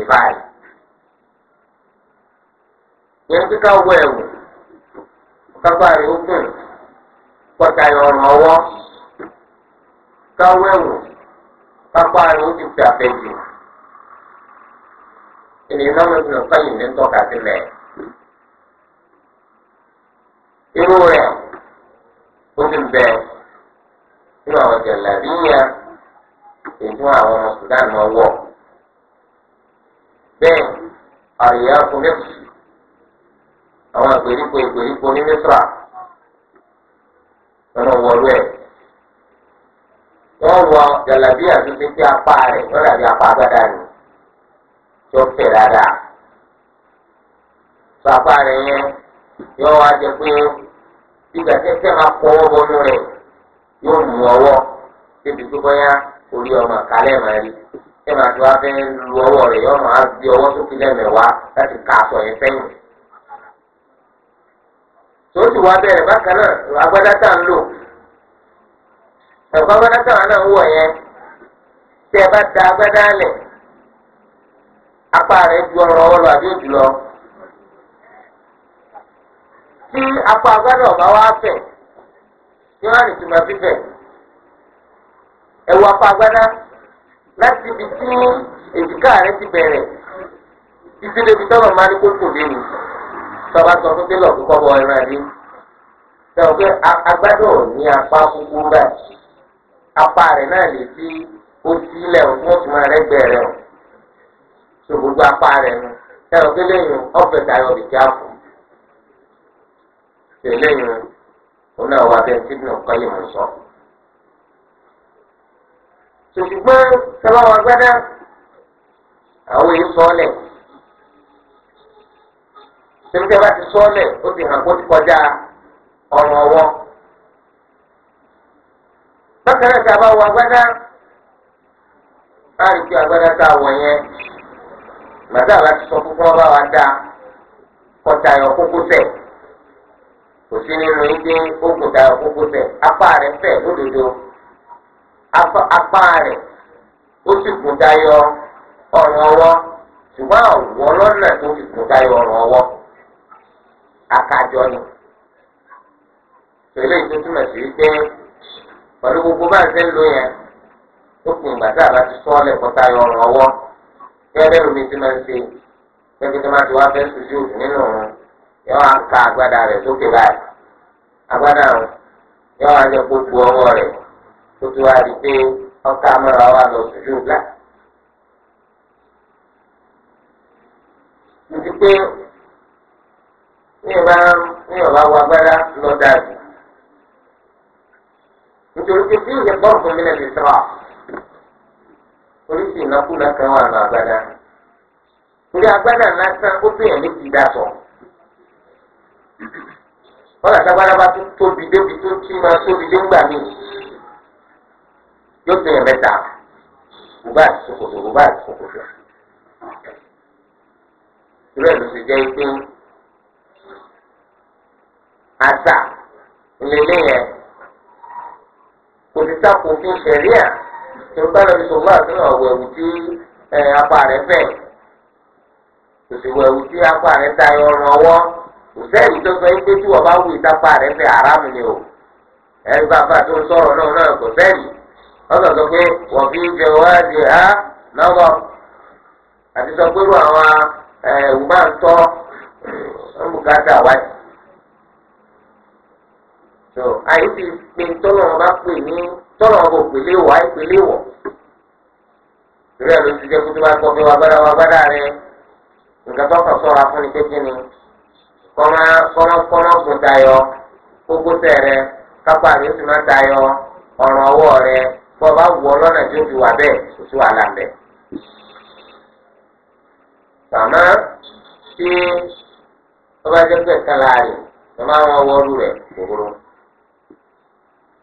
ìfà yìí. yẹn kíkà wọ ẹ̀wù kápá rẹ̀ ó gùn ewu ìrọ̀rùn ụdị káwọ ẹ̀wù kápá rẹ̀ ó ti fi àfẹ́jù. ènìyàn náà lọ́sìn bẹ́ẹ̀ àyà onífù àwọn ìgbèríko ìgbèríko ní mísírà lọ́nà wọlú ẹ̀ wọ́n wọ jalabi àtúntí tí apá rẹ̀ wọ́n dàbí apá agbádá ni tí ó fẹ̀ dáadáa sọ apá rẹ̀ yẹn yóò wá jẹ pé ìgbà ṣé màá ti wá fẹ́ lu ọwọ́ rẹ̀ yọ máa ọwọ ọwọ́ sókè lẹ́mẹ̀wá láti ká aṣọ yẹn sẹ́yìn. tó sì wá bẹ̀rẹ̀ bákan náà agbádá tá à ń lò ẹ̀kọ́ ya, tá à ń wọ̀ yẹn tí ẹ bá da agbádá lẹ̀ apá rẹ̀ ju ọrọ̀ ọlọ àbí òjù lọ. tí apá agbádá ọ̀bá wá fẹ̀ yóò hàn fífẹ̀ apá agbádá. láti ibi tí èjìká rẹ ti bẹ̀rẹ̀ títí débi tọ́lọ̀ máa ní kó tún lé mi tọ́ba sọ fún pélọ̀ kó kọ́bọ̀ ẹran adé sọ pé agbádọ̀ ní apá gbogbo báyìí apá rẹ̀ náà lè fi ó sílẹ̀ ó tún ọ̀tún rẹ̀ gbẹ̀rẹ̀ o tó gbogbo apá rẹ̀ nu sọ pé lẹ́yìn ọ̀fẹ́ tayọ̀ lè já fún tẹ̀lẹ́yìn òun náà wà bẹ́ẹ̀ tí ìbùnà kọ́lé mọ̀ sọ̀rọ̀ ṣùgbọ́n sábà wọn gbẹ́dẹ́ àwọn èyí sọ́ọ̀lẹ̀ tẹ̀lifẹ̀ bá ti sọ́ọ̀lẹ̀ ó ti hàn kó ti kọjá ọ̀rùn ọwọ́. bákan náà sábà wọn gbẹ́dẹ́ láàrin kí agbẹ́dẹ́ tá a wọ̀ yẹn màdá láti sọ fún fún ọba wa dá kọjá ayọ̀ kókó tẹ̀ kò sí nínú yín dé ogun dayọ̀ kókó tẹ̀ apá rẹ̀ fẹ̀ lódodo. apá rẹ̀ ó sì kún dayọ ọrùn ọwọ́ ṣùgbọ́n àwọ̀ lọ́nà tó fi kún dayọ ọrùn ọwọ́ akájọ ni. pẹ̀lú ètò túmọ̀ sí pẹ̀lú gbogbo bá ń ṣe lo yẹn ó kún ìgbà tá a bá ti sọ lẹ́kọ̀ọ́ dayọ ọrùn ọwọ́ tí máa ń ṣe tó máa ti wá fẹ́ sojú òdù nínú òun yọ wá ń ka agbada rẹ̀ sókè báyìí agbada tótó wá rí pé ọkà mọ́ra lọ sójú gbà. Ìdí pé ní ìbá lọ dàbí. Nítorí pé bí ìyẹn bọ́ọ̀fù mi lè fi sọ́ra, oríṣi ìnákúnà kan wà lọ àgbàdá. Torí agbádá lásán ó sọ. Wọ́n làtàgbára bá tó tóbi débi tó tí máa tóbi dé yóò tó yẹn mẹ́ta bùbá àti ṣòkòtò bùbá àti ṣòkòtò ìrẹ́ ló ti jẹ́ pé àṣà ìlélẹ́ yẹn kò ti sáko fún ṣẹ̀ríà tó bá lọ́ọ́ sọ wá àtúnwò ọ̀wẹ̀wù tí apá rẹ̀ fẹ̀ kò sì wẹ̀wù tí apá rẹ̀ ta ọrùn ọwọ́ kò sẹ́yìn tó sọ pé tí wọ́n bá wù ìtapá rẹ̀ fẹ̀ àrámù ni o ẹ̀rí bàbá tó ń sọ̀rọ̀ náà náà kò sẹ́yìn. ọ̀sọ̀ sọ pé wọ́n fi jẹ di ha lọ́wọ́ àti sọ pé àwọn ẹ̀wù máa ń tọ́ ọ̀bùkátà wáyé. tó àyè ti pé tọ́lọ̀ wọn bá pè ní tọ́lọ̀ wọn kò wọ̀ àyè wọ̀. ìrẹ́ ló ti jẹ́ kó tó bá nǹkan tó sọ́ra fún ni pé kí ni kọ́mọ́ kọ́mọ́ kọ́mọ́ bọ́ ọ bá wọ ọ lọ́nà tí ó fi wà bẹ́ẹ̀ kò sí wàhálà ń bẹ̀. Màmá tí ó bá jẹ́ pé ẹ̀ka láàyè màmá wọn wọ́ọ́rù rẹ̀ kòkòrò.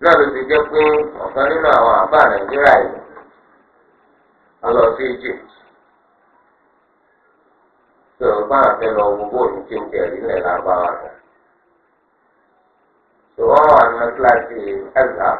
Náà ló ti jẹ́ pé ọ̀kan nínú àwọn àbá Nàìjíríà yìí ọlọ sí Egypt. Sọ̀rọ̀ bá àfẹ́ lọ wo bóòlù tí ó tẹ̀lé nílẹ̀ lábáwá náà. Sọ̀rọ̀ wà ní kíláàsì Azhar.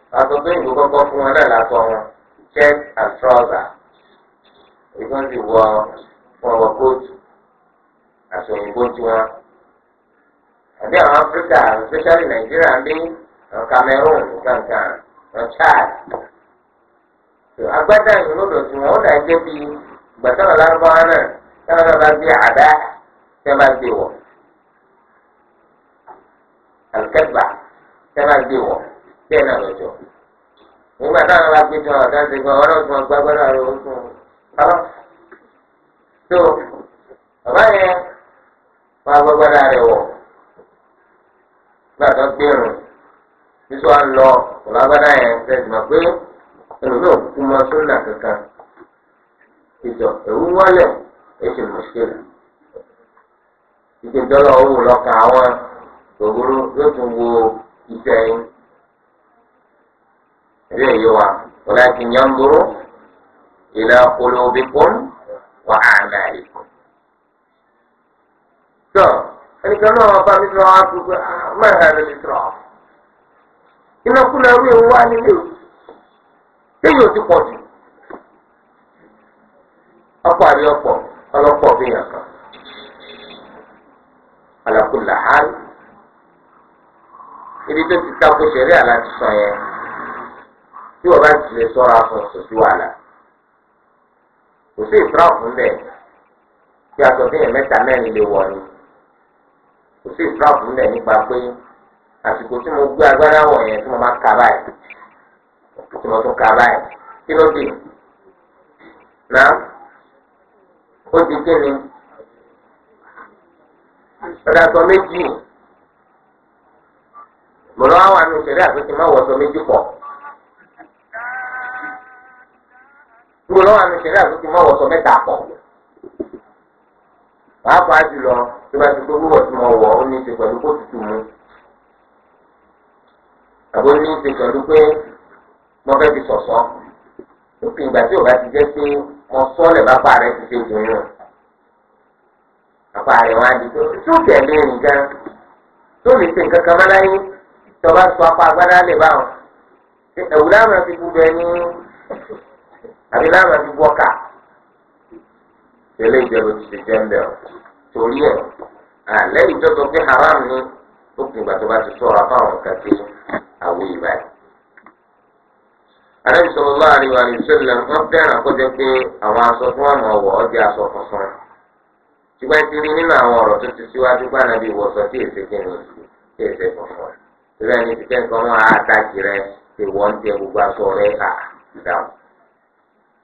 aṣọ tó yìnbó kọ́kọ́ fún wọn náà lásọ wọn check and trouser ìgbọ́n ti wọ wọ́wọ́ kóòtù aṣọ òyìnbó tiwọn àbí àwọn Áfíríkà especially Nàìjíríà ń bí Cameroon kankan wọn Chad agbádá ìlúlòdò tí wọn ó dà jẹ́ bí gbàtàwọn lárúbáwá náà táwọn náà bá gbé àdá tẹ́ bá gbé wọ̀ àlùkẹ́gbà tẹ́ bá gbé wọ̀. bẹ́ẹ̀ náà lọ́jọ́ nígbà táwọn bá gbé tán ọ̀dá ṣe gan ọlọ́run tí wọ́n gbá gbọ́dọ̀ rẹ̀ ó sùn tó bàbá yẹn wọ́n gbá gbọ́dọ̀ rẹ̀ wọ̀ gbàtọ́ gbẹ̀rùn bísí wa ń lọ ọ̀làgbádá yẹn tẹ̀sí pé ò kú mọ kankan ìjọ èwú wọlé èsì mùsùlùmí ìgbẹ́jọ́ ilé yìí wa walakin yanzuru ila qulubikum wa a'malikum. tó ẹnìkan náà bá mi sọ àtúgbò mẹ́rin rẹ̀ lè sọ̀rọ̀ iná kú lẹ́rú ewu wá nílé téyì ò ti pọ̀ jù ọkọ̀ àrí ọ̀pọ̀ ọlọ́pọ̀ bí yàn kan ala kulli ibi tó ti ká kó ṣeré aláàtúnṣe yẹn tí wọ́n bá ti lè sọ́ra fún òsì wàhálà kò sí ìfúra fún bẹ́ẹ̀ kí aṣọ bí yẹn mẹ́ta mẹ́rin lè wọ̀ ni kò sí ìfúra fún bẹ́ẹ̀ nípa pé àsìkò tí mo gbé agbára wọ̀ yẹn tí mo máa ka báyìí tí mo tún ka báyìí kí ló dé náà ó di kí ni ọ̀dà sọ méjì mọ̀lọ́wọ́ àwọn àmì ìṣẹ̀lẹ̀ àti ti máa wọ̀ sọ méjì pọ̀. gbogbo lọ́wọ́ àmì ìṣẹ̀lẹ̀ àti ti máa wọ̀sọ̀ mẹ́ta pọ̀. pàápàá jùlọ tó bá ti gbogbo wọ̀ tí mo wọ̀ ó ní í ṣe pẹ̀lú kó tutù mu. àbó ní í ṣe pẹ̀lú pé mo fẹ́ fi sọ̀sọ́. lópin ìgbà tí ò bá ti jẹ́ pé mo sọ́ọ̀lẹ̀ bá pa rẹ̀ ti ṣe ìdùnnú. àpá rẹ̀ wá di pé tó tẹ̀lé rìn gan tó lè ṣe nǹkan kan máláyé tó bá sọ apá agbádá lè bá wọn. ẹ̀wù láwọn fi gbogbo ẹni àbí láàmà fi bọ́ ká tẹ́lẹ̀ ìjọba ti ṣe jẹ́ ń bẹ̀ ọ́ torí ẹ̀ àlẹ́yìn tó sọ pé haram ni ó kùn ìgbà tó bá ti sọ̀rọ̀ fáwọn nǹkan tí àwọn ìbá yìí. Àlẹ́ ìṣòro láàrin wà ní sẹ́lẹ̀ wọ́n fẹ́ràn kó jẹ́ pé àwọn aṣọ tí wọ́n mọ̀ wọ̀ ọ́ jẹ́ aṣọ funfun. ṣùgbọ́n ti rí nínú àwọn ọ̀rọ̀ tó ti síwájú gbàna bí ìwọ̀sọ tí èsè kí ni tí èsè funfun. ìrẹ́ni ti fẹ́ wọn á rẹ ìwọ́n ń tẹ gbogbo aṣọ rẹ àdáwọ̀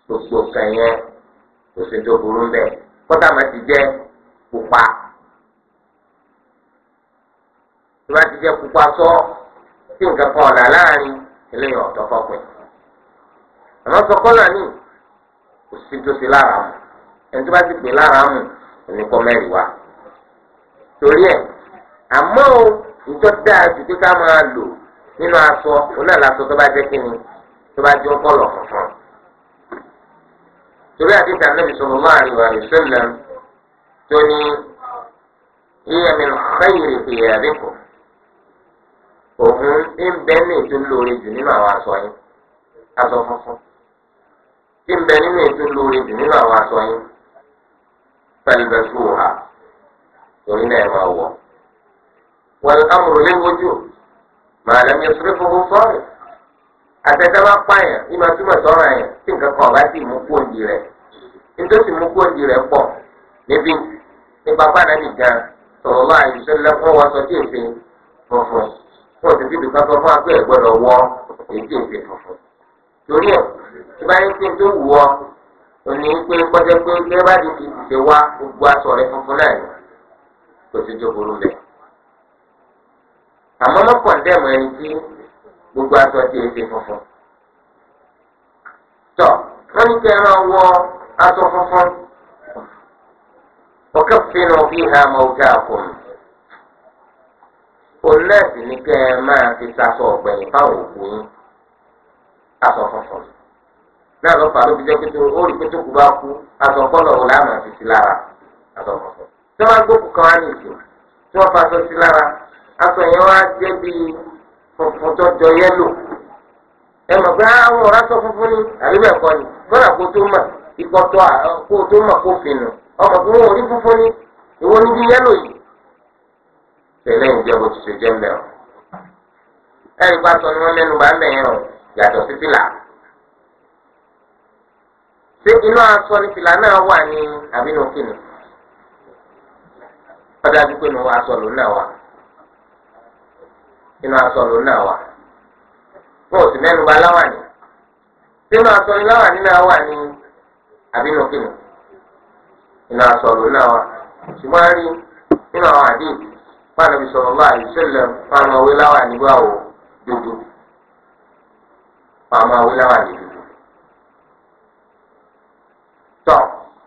gbogbo kan yẹn burú bẹ kọ́tà máa ti jẹ́ pupa tó bá ti jẹ́ pupa sọ tí nǹkan kan ọ̀la láàrin eléyìí ọ̀tọ̀ fọ́pẹ́ àmọ́ sọ kọ́là ní kò sí lára mu ẹni tó bá ti pè lára mu òní kọ́ mẹ́rin wá torí ẹ̀ àmọ́ o ìjọ dáa ju pé ká máa lò nínú aṣọ onáàlà tó bá jẹ́ kíni tó bá jẹ́ kọ́lọ̀ funfun torí àdìsí ànábì sallallahu alaihi wa sallam tó ní hiya min khayri thiyabikum òun ń bẹ ní ètò lóore jù nínú àwọn aṣọ yín aṣọ funfun tí ń bẹ nínú ètò lóore jù nínú àwọn aṣọ yín falbasuha torí náà ẹ máa wọ̀ wal amru lil wujuh ma lam yasrifuhu sarif. àtẹ̀tẹ̀ bá pààyàn ní ma túmọ̀ sọ́ra yẹn tí nǹkan kan ọ̀bá sì mú kóńdì rẹ̀ nítòsí mú kóńdì rẹ̀ pọ̀ níbi nípa pàdánù gan sọ̀rọ̀ lọ́wọ́ àyùsọ lẹ́kọ́ wọn sọ tí èsì funfun wọn sọ fún wọ torí ẹ̀ tí bá yẹn tó wù ọ òní pé pé gbogbo aṣọ tí èsè funfun. tọ́ wọ́n ní kí ẹ máa wọ aṣọ funfun ọ̀kẹ́ pinnu bí ha máa wọ́n dá àpò ní kí ẹ máa fi ṣaṣọ ọ̀gbẹ̀yìn fáwọn òkú yín aṣọ funfun. náà ló fà ló jẹ́ pé tó ó rí pé tó kù bá kú aṣọ kọ́lọ̀ ọ̀la máa fi sí lára aṣọ funfun. tí wọ́n gbókù kan wá ní tí wọ́n fa aṣọ sí lára aṣọ yẹn wá jẹ́ bíi. funfun tó jọ yẹ́lò ẹ mọ̀ pé àwọn ah, ọ̀rá sọ funfun ni kọ́ ni kó tó mọ̀ ikọ̀ tó kó tó mọ̀ kó fìnnù ọmọ fún wọn ò ní funfun ni ìwọ yẹ́lò yìí tẹ̀lé bó ti ṣe jẹ́ mbẹ́ o ẹ̀rí sọ ni wọ́n bá o yàtọ̀ sí fìlà ṣé aṣọ ni fìlà náà wà ní inú aṣọ ló náà wà wọn ò sì mẹ́nu bà láwàní sínú aṣọ ni náà wà ní àbínú kìnnì inú aṣọ ló náà wà ṣùgbọ́n a rí nínú àwọn àdéhùn fáwọn ẹbí sọ̀rọ̀ bá àdìsẹ́lẹ̀ fáwọn ọwé láwàní bá wò dúdú fáwọn ọwé láwàní dúdú tọ́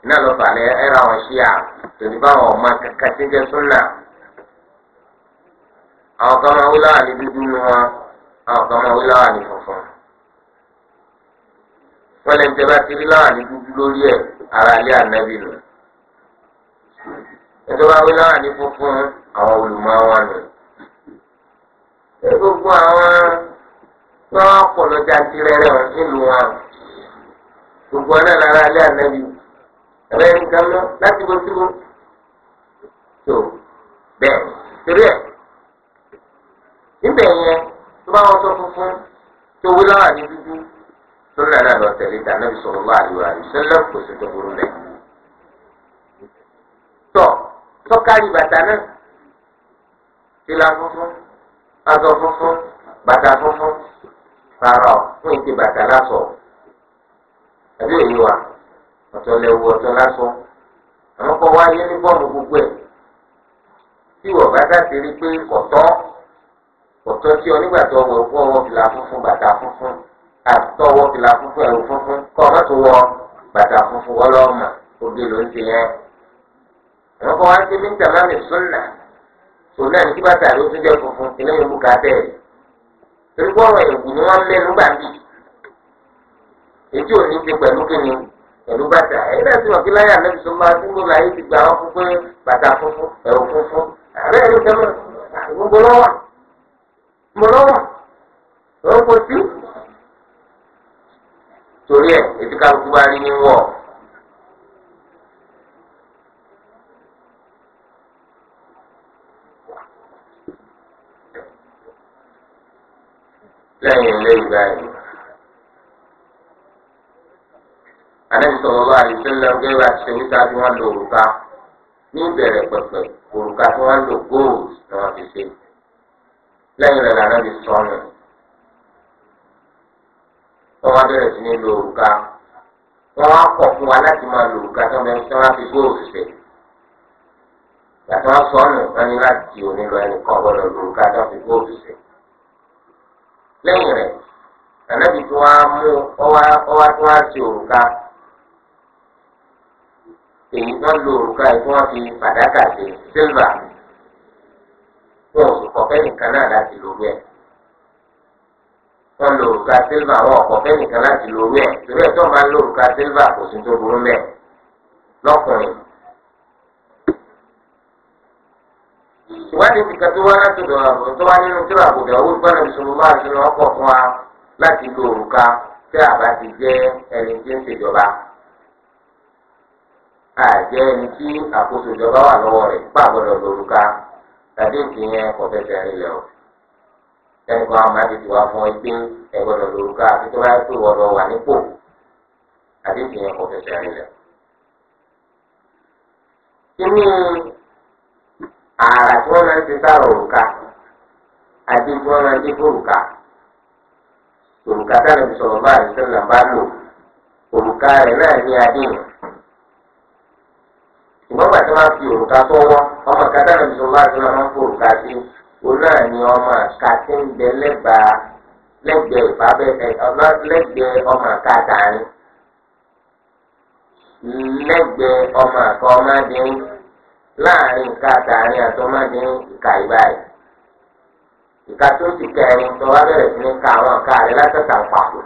iná lọ́ọ́ fà lẹ́ ẹ̀rọ na báwọn ọmọ kàkàtí jẹ́ súnà. àwọn kan máa wí láàánú dúdú nu wọn àwọn kan máa wí láàánú funfun wọn lè ń tẹ bá ti rí láàánú dúdú lórí ẹ ara ilé ànábì nù ẹjọ bá wí láàánú funfun àwọn olùmọ̀ wọn nù ẹ gbogbo àwọn tí wọn pọ̀ lọ́jà tirẹ̀rẹ̀ nílùú wọn gbogbo ọ̀nà lára ilé ànábì ẹ̀rẹ́ nǹkan mọ́ láti bó síbó tó bẹ́ẹ̀ torí ẹ̀ níbẹ̀ yẹn tó bá wọn sọ funfun tó wí láwà ní dúdú lórí àná lọ tẹ̀lé tà náà sọ̀rọ̀ wá àríwá ìṣẹ̀lẹ̀ kò sí tó burú rẹ̀. tọ́ sọ́kárì bàtà náà fìlà funfun aṣọ funfun bàtà funfun rárá fún ìdí bàtà lásọ àbí òye wa ọ̀tọ̀ lẹ́wù ọ̀tọ̀ lásọ àwọn kan wá ní bọ́ọ̀mù gbogbo ẹ̀ tí wọ́n bá dá sí rí pé kọ̀tọ́ ọ̀tọ́ tí onígbà tó wọ wọ́wọ́ fìlà funfun bàtà funfun àtọwọ́ fìlà funfun ẹ̀rù funfun kọ́ ọ mọ́tò wọ bàtà funfun ọlọ́ọ̀mà òde ló ń ti yẹn. àwọn kan wá sí mítà mami sunna sunna ní kí bàtà ló tún jẹ́ funfun eléyìí mú ká bẹ́ẹ̀ torí pé ọ̀rọ̀ ẹ̀gùn ni wọ́n mẹ́nu bá bì ètí òní ti pẹ̀lú kíni pẹ̀lú bàtà ẹ̀yìn náà ti wọ̀ kí láyà lẹ́bi sọ́mọ́ àti ńlọ́lá yìí ti gbà wọ́n fún pé bàtà wá tí wọ́n á ṣe òrùka èyí wọ́n lo òrùka yìí tí wọ́n fi fàdákà ṣe sílvà wọn ò nìkan náà láti lòwú ẹ̀ wọ́n lo òrùka sílvà wọn ò nìkan láti lòwú ẹ̀ torí ẹ̀ tó máa lo òrùka sílvà kò sí tó burú mẹ́ lọ́kùnrin. ìwádìí ti kàtó wá láti dọ̀rọ̀ tó wá nínú tíra àbùdá owó gbọ́dọ̀ ìṣòro máa ṣe ọkọ̀ fún wa láti lo òrùka tí a bá ti jẹ́ ẹni tí ń ṣèjọba àjẹ́ ẹni tí àkóso ìjọba wà lọ́wọ́ rẹ̀ bá gbọ́dọ̀ lórúkà tàbí ìdíyẹn ọ̀fẹ́fẹ́ nílẹ̀ o ẹni kan àwọn àti tiwa fún ẹgbẹ́ ẹgbọ́dọ̀ lórúkà àti tó bá pè wọ́n lọ wà nípò tàbí ìdíyẹn ọ̀fẹ́fẹ́ nílẹ̀. kíní ààrà tí wọ́n máa ń ti sára òrùka àti tí wọ́n máa ń dín fún làtà nàbì sọ̀rọ̀ bá àdìsẹ́lẹ̀ bá lò òrùka rẹ̀ náà ní adéhùn ìgbọ́n bàtí wọ́n fi òrùka sọ́wọ́ ọmọ kàtà nàbì sọ̀rọ̀ bá àdìsẹ́lẹ̀ máa ń fò òrùka sí òun náà ní ọmọ kàtí ń bẹ lẹ́gbàá lẹ́gbẹ̀ẹ́ ìfàbẹ́ lẹ́gbẹ̀ẹ́ ọmọ kàtàrin lẹ́gbẹ̀ẹ́ ọmọ àkọ́ ọmọdéyìn láàrin kàtàrin àtọmọdéyìn ìkà ìbáyìí. ìka tó ti kẹrin tó wá bẹ̀rẹ̀ sí ní ka àwọn ọ̀ka rẹ̀ látọ̀tà ń papò.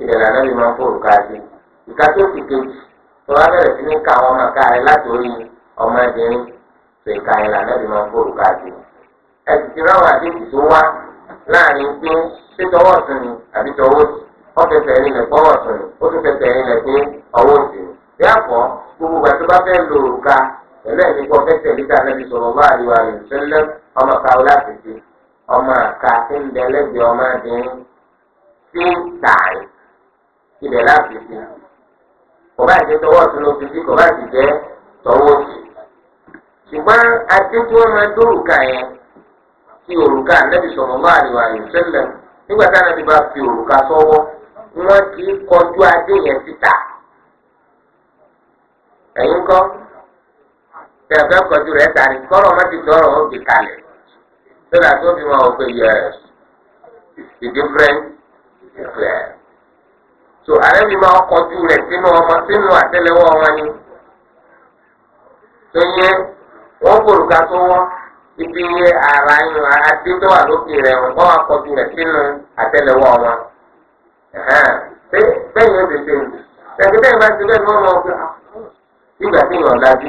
ìdẹ̀lẹ̀ anábì máa ń fòrùka sí ìka tó ti kejì tó wá bẹ̀rẹ̀ sí ní ka àwọn ọ̀ka rẹ̀ látòrí ọmọdéyìn tó ìka yẹn lànàbì máa ń fòrùka sí. ẹ sì ti ráwọn àdéhùn tó wá láàrin pé ṣé tọwọ́ ọ̀tún ni àbí tọwọ́ òsì wọ́n fẹsẹ̀ rin lẹ̀ pọ́wọ́ ọ̀tún ni ó tún fẹsẹ̀ rin lẹ̀ pé ọwọ́ òsì ni pẹ̀lú ẹ̀mí gbọ́ fẹ́sẹ̀ níta lẹ́bi sọ̀rọ̀ bá àríwá rẹ̀ sẹ́lẹ̀ ọmọ ká láti ti ọmọ àká tí ń bẹ lẹ́gbẹ̀ẹ́ ọmọ àdín tí ń tààrí ibẹ̀ láti ti kò bá jẹ́ tọwọ́ ọ̀tún ló fi sí kò bá sì jẹ́ tọwọ́ òsì ṣùgbọ́n àti tí wọ́n máa dórúkà yẹn tí òrùka lẹ́bi sọ̀rọ̀ bá àríwá rẹ̀ sẹ́lẹ̀ nígbà táwọn ti bá fi òrùka sọ́wọ́ wọ́n ti kọjú adé yẹn síta ẹ̀yin kọ́ kẹfẹ kọjú rẹ tani kọrọ má ti dọrọ ó fi kalẹ̀ sọlá tó fi òkè yẹ the so àrẹ́bí máa kọjú rẹ sínú ọmọ sínú àtẹ́lẹwọ́ wọn ni tó yẹ wọn gbòrúkà tó wọn ibi ara yín adé tó wà lókè rẹ wọn wọn akọjú rẹ sínú àtẹ́lẹwọ́ wọn bẹ́ẹ̀ yóò ti bẹ́ẹ̀ ọgbà ìgbà tí yọ̀ọ̀dá sí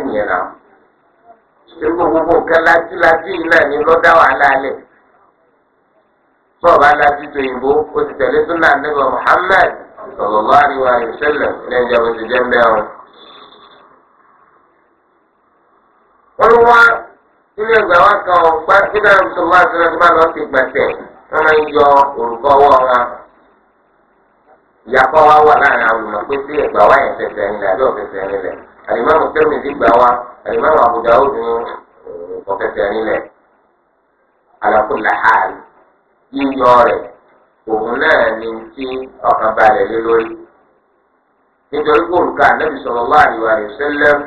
irú gbogbo nǹkan lajúlajú yìí náà ni lọ́dá wàhálà alẹ̀ sọ̀rọ̀ alájú tó yìnbó o ti tẹ̀lé súnà nígbà Muhammad sallallahu alaihi wa sallam ní ẹ̀jẹ̀ bó ti jẹ́ ń bẹ́ẹ̀ o. wọ́n wá nílé ìgbà wa kan ò gbá kí náà sọ̀rọ̀ àti náà tó bá lọ́ọ́ ti gbàtẹ̀ wọ́n máa ń yọ orúkọ ọwọ́ wọn ìyàpọ̀ wa wà láàrin àwọn olùmọ̀ pé sí ẹ̀gbà wa yẹn fẹsẹ̀ nílẹ̀ àbí ọ̀fẹsẹ̀ nílẹ̀ àdìmọ́ alimami abu dawud ni eh, ọ̀fẹ́fẹ́ nílẹ̀ alakunle hal yíyọ rẹ̀ òun náà ni ti ọkàn balẹ̀ lé lórí nítorí pé òrùka anabi sallallahu alaihi wasallam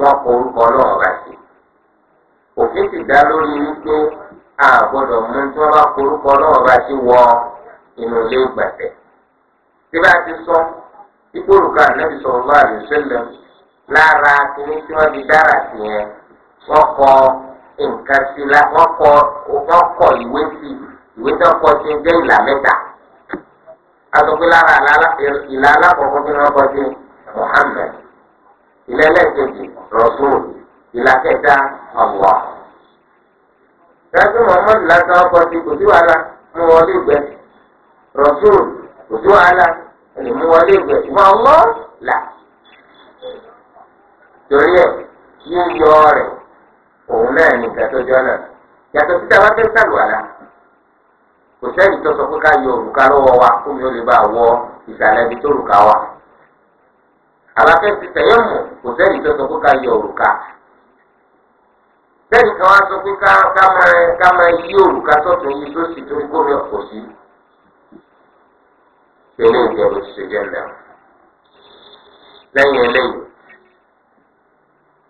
wọn kọ orúkọ ọlọ́run bá sí òfin ti dá lórí wípé a gbọ́dọ̀ mú tí wọn bá kọ orúkọ ọlọ́run bá sí wọ inú ilé ìgbàfẹ́ tí bá ti sọ ikú òrùka anabi sallallahu alaihi wasallam lára kìíní tí wọ́n fi dára sí yẹn wọ́n kọ nǹkan sí la wọ́n kọ wọ́n kọ ìwé sí ìwé tó kọ sí jẹ́ ìlà mẹ́ta àtọ́pẹ́ lára ìlà alákọ̀ọ́kọ́ tí wọ́n kọ sí Muhammad ìlà ẹlẹ́ẹ̀kejì Rasul ìlà kẹta Allah dájú Muhammad lásán ọkọ sí kò sí wàhálà mú wọlé ìgbẹ́ Rasul kò sí wàhálà ẹni mú wọlé ìgbẹ́ ìmọ̀ Allah là. torí ẹ̀ yíyọ rẹ̀ òun náà ní ìgbà tó jọ náà yàtọ̀ sí táwa kò sẹ́yìn tó sọ pé ká yọ òrùka lọ́wọ́ wa kó mi ó wọ ìsàlẹ̀ ibi tó rùka wa ti mọ̀ kò sẹ́yìn yọ òrùka bẹ́ẹ̀ni kan wá sọ pé ká yí òrùka yí kó mi ọ̀pọ̀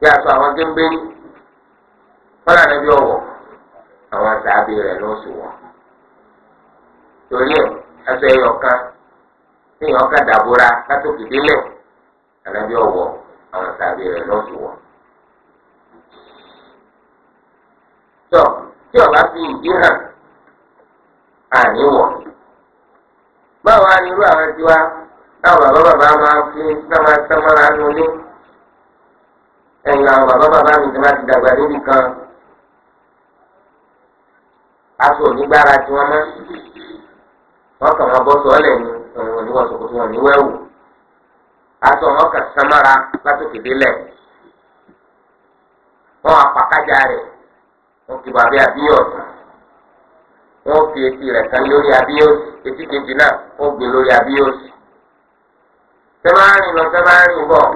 bí aṣọ àwọn géńbérí kọ́lá níbi ọwọ àwọn àtàbí rẹ̀ ló sì wọ̀ torí ẹ̀ aṣọ ẹ̀yọ̀ kan níyàn ọ̀ka dàbúra látòkè délẹ̀ ànábì ọwọ àwọn àtàbí rẹ̀ ló sì wọ̀. tọ́ tí ọba fi ìdí hàn irú àwọn tiwa táwọn bàbá bàbá máa fi ẹ̀yìn àwọn bàbá bàbá mi ti máa ti dàgbà níbi kan aṣọ onígbára tí wọ́n mọ́ wọ́n kàn máa bọ́ sọ́ọ́lẹ̀ ní ẹ̀wọ̀n ní wọ́n sọ̀kòtò wọn ní wẹ́wù aṣọ wọn kàn sámára látòkè délẹ̀ wọ́n apàkájà rẹ̀ wọ́n kì bàbá àbíyọ̀sì wọ́n fi etí rẹ̀ kan lórí àbíyọ̀sì etí kejì náà wọ́n gbé lórí àbíyọ̀sì sẹ́máàrin lọ sẹ́máàrin bọ̀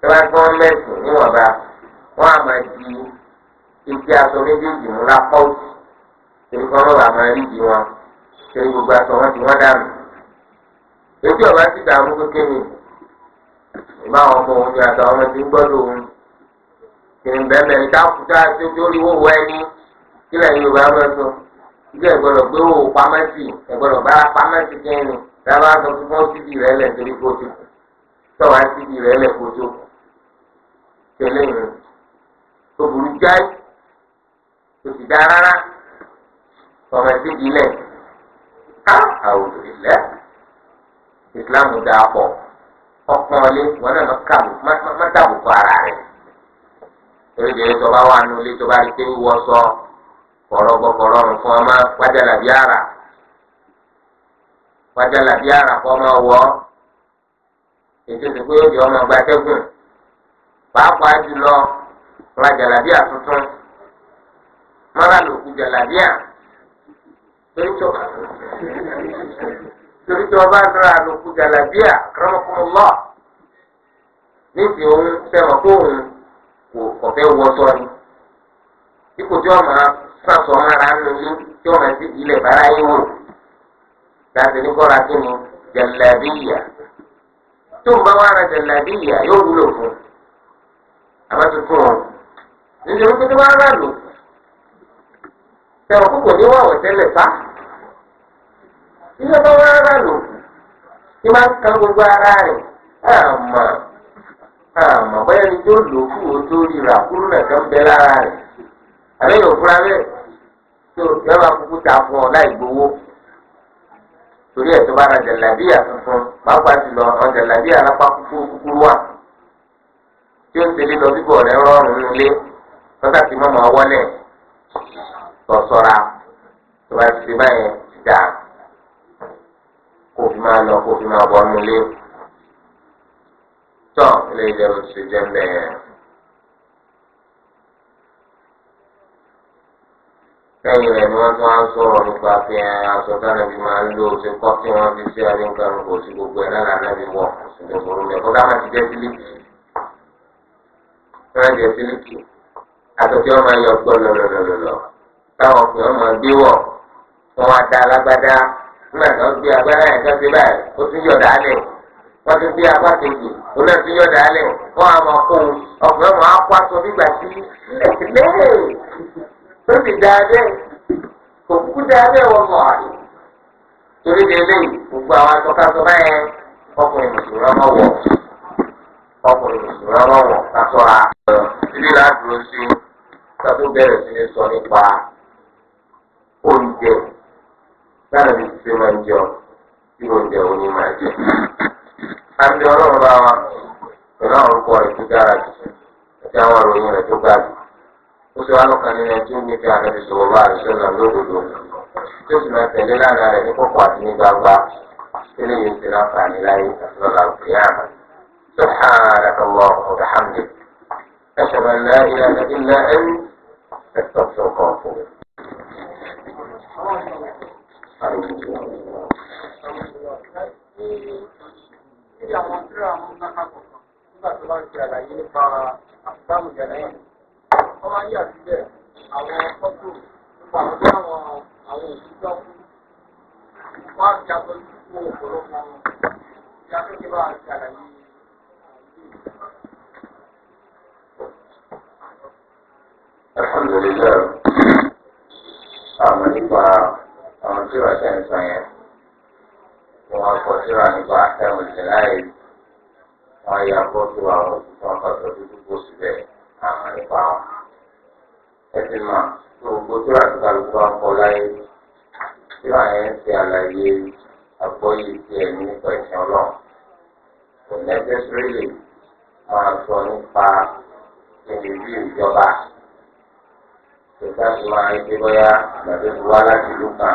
tọ́lá tí wọ́n mẹ́sìn níwọ̀nba wọ́n á máa di ike aṣọ méjèèjì mú lápá òsì torí kan lọ́wọ́ àmọ́ rí di wọn torí gbogbo aṣọ wọn ti wọ́n dànù. ètò ọ̀bá ti dààmú kékeré ni ìbá àwọn ọmọ òun ni àtàwọn ọmọ ti ń gbọ́dọ̀ òun kìnnì bẹ́ẹ̀ ní káfíńtà tó tó rí wọ́wọ́ ẹni kílẹ̀ Yorùbá máa sọ ilé ẹ̀gbọ́dọ̀ gbé wò pamẹ́sì ẹ̀gbọ́dọ̀ bá pamẹ́sì kẹ́ni tábà sọ fún fún síbi rẹ̀ lẹ̀ torí kó tó tọ́wá síbi rẹ̀ lẹ̀ kó tó kù tẹ̀lé yẹn tó burú jáì tó sì dá rárá ọmọ ẹsẹ̀ ìdílẹ̀ ká àwòrán ilẹ̀ ìsìlámù dáa pọ̀ ọpọ́n ọlé wọn náà má dàbùkọ ara rẹ̀ eréjèrè tó bá wà nulẹ̀ tó bá rí pé wíwọ́ sọ kọ̀rọ̀gbọ̀kọ̀rọ̀ ọ̀rùn ọmọ wájà làbí ara wájà làbí ara kọ́ ọmọ wọ́ ètò ìsìnkú yóò di ọmọ gbàtẹ́gùn. pàápàá jùlọ ra jàlábíà tuntun mọ́ra lòkù jàlábíà torí tí ọba ra lòkù jàlábíà kọ́mọkọ́mọlọ́ ní ti òun sẹ́wọ̀n òun kò kọfẹ wọ́tọ́ ni ipò tí ọmọ sàṣọ mọ́ra ń lò tí ọmọ sí ilẹ̀ ni tó ń bá wà ra àwọn ti kún wọn lò tẹ̀wọ̀n ní wàwọ̀ tẹ́lẹ̀ bá ilé bá lò ní máa kan gbogbo ara rẹ̀ àmọ́ àmọ́ bóyá ni tó lò kú o tó rira kúrú lára yóò fura tó kúkú ta fún ọ láì gbowó torí ẹ̀ tó bá ra jẹ̀lábíà tuntun jùlọ lápá tí ó ṣe lé lọ bíbọ̀ rẹ rọrùn nílé lọ́sà tí mọ́mọ́ wọlé sọ̀sọ̀ra tó bá ti ṣe báyẹn ti dà kó fi máa lọ kó fi máa bọ̀ nílé tọ́ ilé ìjẹ́ bó ti ṣe jẹ́ mbẹ́ yẹn. lẹ́yìn rẹ̀ ni wọ́n tún á sọ̀rọ̀ nípa pé aṣọ tánàbí máa ń lò ṣe kọ́ tí wọ́n fi ṣe àríkàrùn kò sí gbogbo ẹ̀ náà bí wọ̀ ṣùgbọ́n kò rọ̀ mẹ́kọ́ dáhùn ti jẹ́ sílíkì wọn jẹ sílíkì àtọ̀tí ọmọ ayọ̀ gbọ́ lọ́lọ́lọ́lọ́ táwọn ọkùnrin ọmọ gbé wọ̀ wọn wá da alágbádá nígbà tó gbé agbára yẹn kan sí báyìí ó tún yọ̀ dálẹ̀ wọ́n tún gbé apá kejì ó náà tún yọ̀ dálẹ̀ wọ́n á máa kó ọkùnrin ọmọ akó aṣọ nígbà tí lẹ́ẹ̀ tó ti da abẹ́ kò kúkú da abẹ́ wọn mọ̀ àlè torí de eléyìí gbogbo àwọn atọ́kasọ ọkùnrin mùsùlùmí ọlọ́wọ̀ kásọ̀ra ibi a. sí kátó na sí ní sọ nípa oúnjẹ báyìí ní ti máa ń jẹun tí oúnjẹ òní máa jẹ. àti ọlọ́run bá wa pẹ̀lú àwọn orúkọ rẹ̀ tó dára jù àti àwọn ìròyìn rẹ̀ tó ga jù. ó sọ alọ́kan nínú ẹni tí ó nífẹ̀ẹ́ àtẹ̀bí sọ̀rọ̀ bá àrùsọ náà lódodo tí ó sì máa tẹ̀lé lánàá rẹ̀ na kọ̀kọ̀ àti ní gbangba eléyìí na láǹfààní láyé àti lọ́la سبحانك اللهم وبحمدك أشهد أن لا إله إلا أنت أستغفرك وأتوب Thank you alhamdulilayi àwọn nípa àwọn tíra ṣe ń sàn yẹn wọn kọ tíra nípa àtẹwọn ìṣẹ̀lẹ̀ wọn yà bọ tó àwọn òṣìṣẹ́ wọn kọ tó dúdú kó síbẹ̀ àwọn nípa wọn ẹtì mà gbogbo tíra tó kálukú wọn kọ láyé tíra yẹn ti àlàyé àgbọ́yé máa sọ nípa ìrírí ìjọba ìjọba ti máa ń gbé bóyá àgbàdo ti wá láti ìlú kan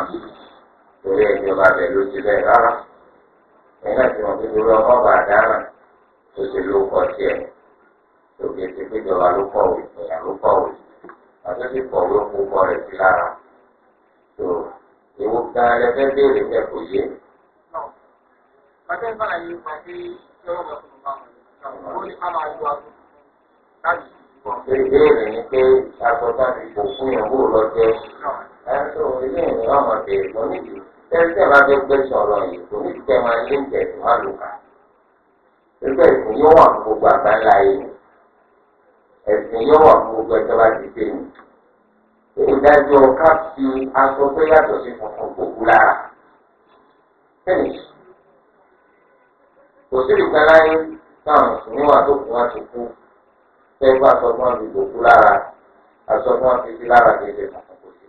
torí ìjọba bẹ̀ ló ti bẹ̀ rárá nígbà tí wọ́n ti lórí ọmọ bàdánà tó ti ló kọ tiẹ̀ tó kì í ti pé ìjọba ló kọ̀wé ìyá ló kọ̀wé àti ti kọ̀wé kó kọ rẹ̀ sí lára tó ìwọ gan ẹlẹ́fẹ́ béèrè fẹ́ kò yé. ọ̀sẹ̀ ń bá àyè pàdé ìjọba ọ̀gbọ̀n ó ní ká máa lu agbó láti dìbò. ìbéèrè ni pé àgbọ̀tà ti kò fún ìyàwó lọ́jọ́ ẹ̀sùn ilé ìrìn ọmọ bèrè kò nídìí tẹ́sítẹ́ bá fẹ́ gbé sọ̀rọ̀ yìí kò ní tẹ́ máa lé ń tẹ̀sùn wá lùkà. Ẹgbẹ́ ìsìn yóò wà fún gbogbo àgbáńlá yìí. Ẹ̀sìn yóò wà gbogbo ẹjọ́ bá ti dé ni. Ìdájọ́ ká fi aṣọ pé yàtọ̀ sí funfun gbogbo lára. Finish. Kò sí ìgbàláyé táwọn mùsùlùmí wà tó kù wá ti kú fẹ́ẹ́fà sọ fún wọn fi tó kú lára àsọ fún wọn fi sí lára gẹ́gẹ́ pàtàkì sí.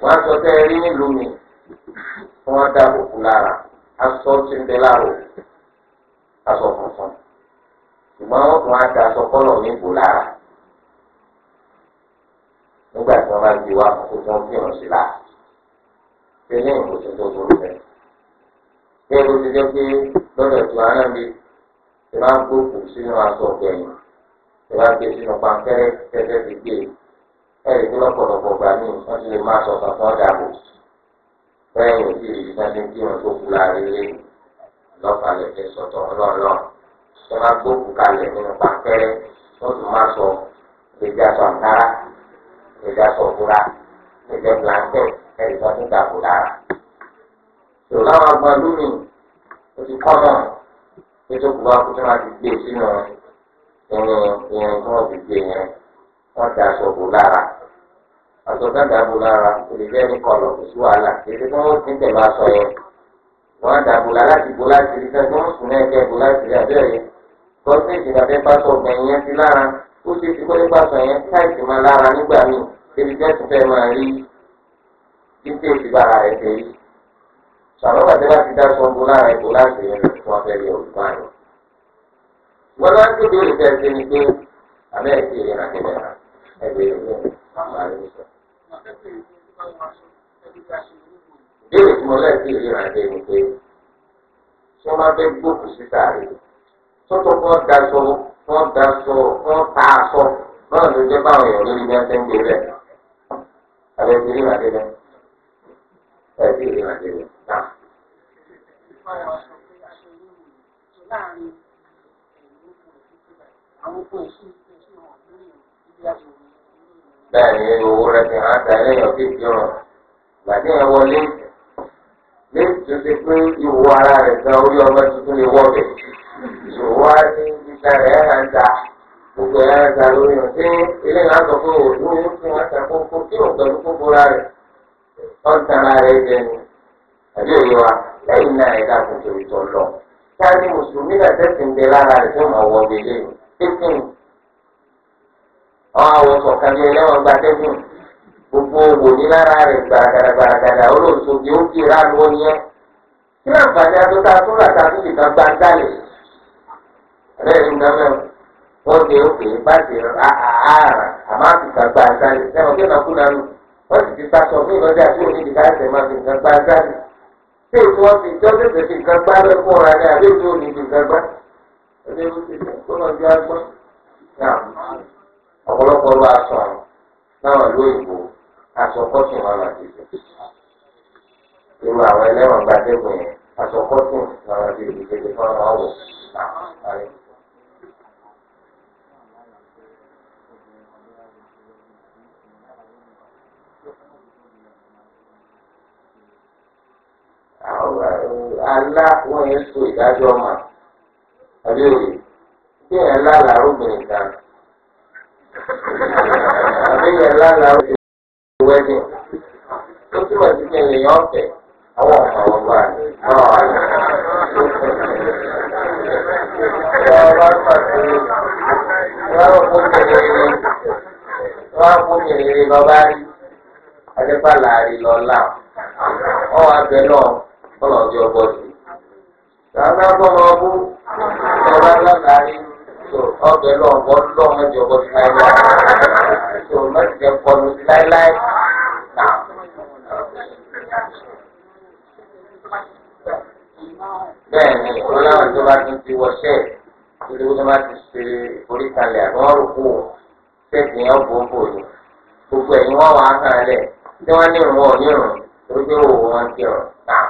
wọ́n sọ pé rí nílùú mi fún wọn dá òkú lára aṣọ tí ń bẹ láàrò aṣọ funfun ṣùgbọ́n wọ́n tún á da aṣọ kọ́lọ̀ ní ìbò lára nígbà tí wọ́n bá gbé wá fún tó ń fi sí lára ṣe ní ìkòtò tó burú bẹ́ẹ̀. bẹ́ẹ̀ ló ti jẹ́ pé lọ́dọ̀ tí wàá náà bí ẹ bá gbókù sínú aṣọ ọ̀gbẹ̀yìn ẹ bá gbé sínú pankẹ́rẹ́ tẹ́tẹ́ ti gbé ẹ rí i lọ́pọ̀lọpọ̀ gbà mí wọ́n ti lè má sọ kankan dàbò bẹ́ẹ̀ yóò ti rí ìdájọ́ kí wọ́n tó kú láàrin lé lọ́kàlẹ̀ ní sọ̀tọ̀ ọlọ́ọ̀lọ́ ẹ bá gbókù kalẹ̀ nínú pankẹ́rẹ́ wọ́n tún má sọ ìgbésí aṣọ àǹkárá ìgbésí aṣọ òkúra ó ti kọ́ náà ètò kùbá kó tó máa ti gbé e sínú ẹni ìrìn tí wọ́n fi gbé e yẹn wọ́n ti aṣọ bò lára aṣọ dáadáa bò lára kò lè bẹ́ẹ̀ ní kọlọ̀ kò sí wàhálà ètò tí wọ́n ti ń tẹ̀lé aṣọ yẹn wọ́n á dà bò lára láti bò láti rí sẹ́ni wọ́n sùn náà kẹ́ bò láti rí abẹ́rẹ́ gọ́ọ̀sẹ̀jì làbẹ́ bá ọ̀gbẹ̀yìn yẹn ti lára ó ṣe ti kọ́lé pàṣọ yẹn táìsì máa lára nígbà míì débi tẹ́sí fẹ́ máa rí sàmọ́ bàtẹ́ bá ti dá sọ́ńbó lára ipò láti rẹ̀ tí wọ́n fẹ́ rí olùkọ́ àyàn. wọ́n máa ń kéde olùkọ́ ẹ̀sẹ̀ ni pé àbẹ́ ẹ̀sẹ̀ rẹ̀ nà kẹ́lẹ́ rà ẹgbẹ́ rẹ̀ rẹ̀ máa sọ. ìbéèrè tí mo lẹ́sẹ̀ rẹ̀ nà kẹ́ pé tí wọ́n máa fẹ́ gbókù síta rẹ̀ tọ́tọ́ kọ́ da sọ wọ́n da sọ náà ló jẹ́ báwọn èèyàn lórí bí wọ́n ti ń gbé rẹ̀ àbẹ́ ẹ̀sẹ̀ rẹ̀ nà bára wa sọ pé aṣọ ilé ìwé tó láàrin ẹ̀yìn oko ẹ̀sìn tó bá àwọn oko ẹ̀sìn tó ṣe hàn lórí ilé àjò bẹ́ẹ̀ ni owó rẹ fi hàn dá lẹ́yìn ọ̀bí ìjọrọ̀ gbàdé ẹ̀ wọlé lẹ́yìn tó ṣe pé ìwọ ara rẹ̀ gan orí ọmọ tuntun lè wọ̀ bẹ̀ ìwọ á ní ìgbà rẹ̀ hàn dá gbogbo ẹ̀ hàn dá lórí ọ̀ ṣé ilé ìlànà sọ pé òòlù ń fi wọn ṣàkóso kí òun pẹ̀lú gbogbo ara rẹ̀ ọ̀ntàn ara rẹ̀ jẹ ni àbí òye wa. lẹ́yìn náà ẹ̀dá kò torí tọ́ lọ. Sáájú Mùsùlùmí náà tẹ̀sí ń bẹ lára rẹ̀ tó máa wọ gbélé tẹ́sìn. Àwọn àwọn bí ẹlẹ́wọ̀n gba tẹ́sìn. Gbogbo owó ní lára rẹ̀ gbàràgàrà gbàràgàrà olóòtúbi ó kì í rà lọ́wọ́ yẹn. Kí náà gbàdé àtúntà tó rà tàbí ìgbà gbàǹdálẹ̀? Ẹ̀rẹ́ ìgbà mẹ́rin wọ́n ti òkè àárà àmọ́ ṣé ètò wọn ti jọ́ tẹ̀sẹ̀ fi nǹkan gbá lẹ́kọ̀ọ́ rà ní àbí ètò òní fi nǹkan gbá ẹgbẹ́ ló ti tẹ̀ kó lọ́ọ́ ju agbọ́n náà ọ̀pọ̀lọpọ̀ ló aṣọ àwọn náà ló ìbò aṣọ kọ́sùn wọn là ti tẹ̀ irú àwọn ẹlẹ́wọ̀n gbàdégbò yẹn aṣọ kọ́sùn wọn là ti tẹ̀ kéde fún àwọn ọ̀wọ̀ alá wọn yẹn so ìdájọ́ ọmọ àbí òye kí yẹn lára obìnrin kan àbí yẹn lára obìnrin wẹ́dìn tó túmọ̀ sí kí àwọn ọ̀pọ̀ ọ̀gbà náà wà ní. Wọ́n á kó nyèrè rí, lọ́la, wá bẹ̀ náà. kọlọ ọdí ọgbọ sí gbàgbà bọlọ ọbú ọba lọnà rí tó ọbẹ lọọbọ lọwọ ọdí ọgbọ sí láéláé tó mẹsìkẹ kọlu sí láéláé nà. bẹ́ẹ̀ni ọlọ́run tó bá tún ti wọṣẹ ìlú tó bá ti ṣe oríkalẹ̀ àwọn òkú ṣẹẹkì yẹn bòbò ni gbogbo ẹ̀yin wọn wà á hàn lẹ tí wọn ní ìrùn wọn ní ìrùn torí pé òun wọn ti rùn náà.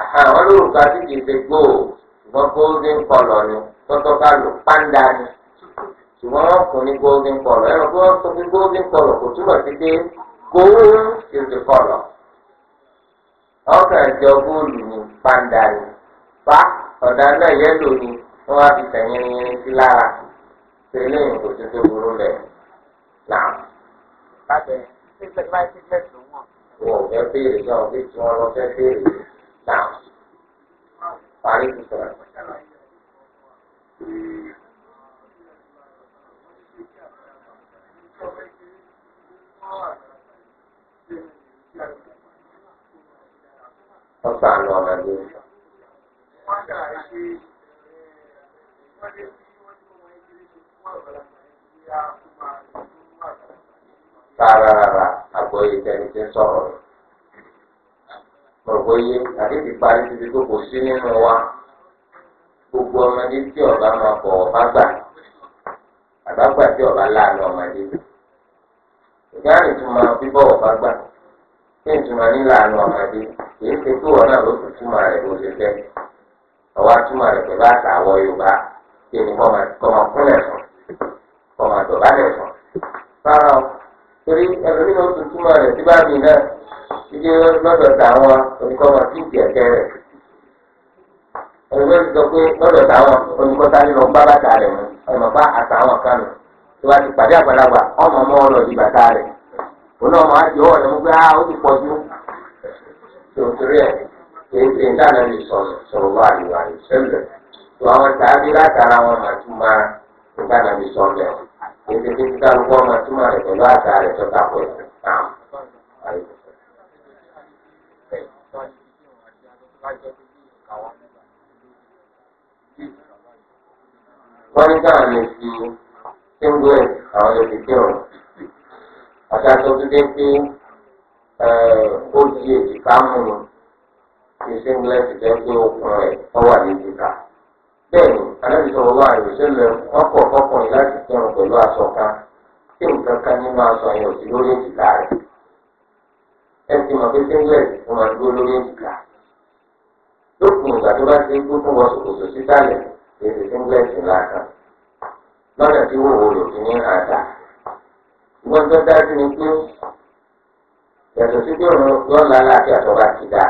àwọn olórúkọ àti kìí gbòò ṣùgbọ́n golden color ni tọ́tọ́ ká lò pàǹdà ni ṣùgbọ́n wọ́n kún ní golden color ẹ̀rọ pé wọ́n sọ pé golden color kò túmọ̀ sí pé gold is the color ọkàn ẹ̀jọ̀ góòlù ni pàǹdà ni bá ọ̀dà náà yẹ́lò ni wọ́n wá fi tẹ̀yìnrìnrìn sí lára tẹ̀lé ìkòtò tó burú lẹ̀ ṣe máa ṣe fẹ́ lò wọ́n. wọn ò fẹ́ béèrè náà bí tí wọ́n lọ fẹ́ béèrè náà parí ti sọ̀rọ̀. wọ́n sá lọ ọmọdé. wọ́n dára rárá àgbọ̀yé tẹni tí ń sọ̀rọ̀ rẹ̀. parí títí tó kò sí Gbogbo ọmọdé tí ọba máa bọ̀ ọba gbà. Àbágbà tí ọba láàánú ọmọdé. ìtumọ̀ bíbọ̀ ọba gbà. Kí ìtumọ̀ níláàánú ọmọdé. Kìí ṣe pé wọn náà ló fi túmọ̀ rẹ̀ bó ṣe fẹ́. Ọwọ́ rẹ̀ pẹ̀lú Yorùbá. Kí kọ́ Kọ́ dọ̀bálẹ̀ torí ẹlòmí ló tún túmọ̀ rẹ̀ sí bá mi náà títí lọ́dọ̀ tiẹ̀ ẹlòmí sọ pé lọ́dọ̀ nínú bàtà rẹ̀ bá àtàwọn kan nù ti pàdé àgbàlagbà ọmọ ọmọ ọlọ́ di bàtà rẹ̀ òun ọmọ àti ọwọ́ rẹ̀ mú pé ó ti pọ̀ jù tòtòrí ẹ̀ kéèké dáná lè sọ̀rọ̀ ètò tí ti kálukú ọmọ túmọ̀ rẹ̀ pẹ̀lú àṣà rẹ̀ tó takò ẹ̀ náà. wọ́n ní káwọn lè fi kéwú ẹ̀ àwọn lè fi kéwọ̀n. àṣà tó tún dé pé ó di èjìká mú un ti jẹ́ pé okùn rẹ̀ ó wà ní èjìká bẹ́ẹ̀ alábi sọ̀rọ̀ wá àròsẹ́lẹ̀ wọ́n pọ̀ fọkùnrin láti kírun pẹ̀lú aṣọ kan tí nǹkan kan nínú aṣọ yẹn ò sí lórí èjìká rẹ̀ ẹ ti mọ̀ pé singlet ó máa dúró lórí èjìká lókun ìgbà tó bá ti gbó fún wọ́sọ̀kòsò sísàlẹ̀ èsì singlet ńlá kan lọ́nà tí wò wò lò fi ní àdá ìwọ́n tó dájú ni pé yàtọ̀ sí pé òun lọ́la láti àtọ́ba ti dà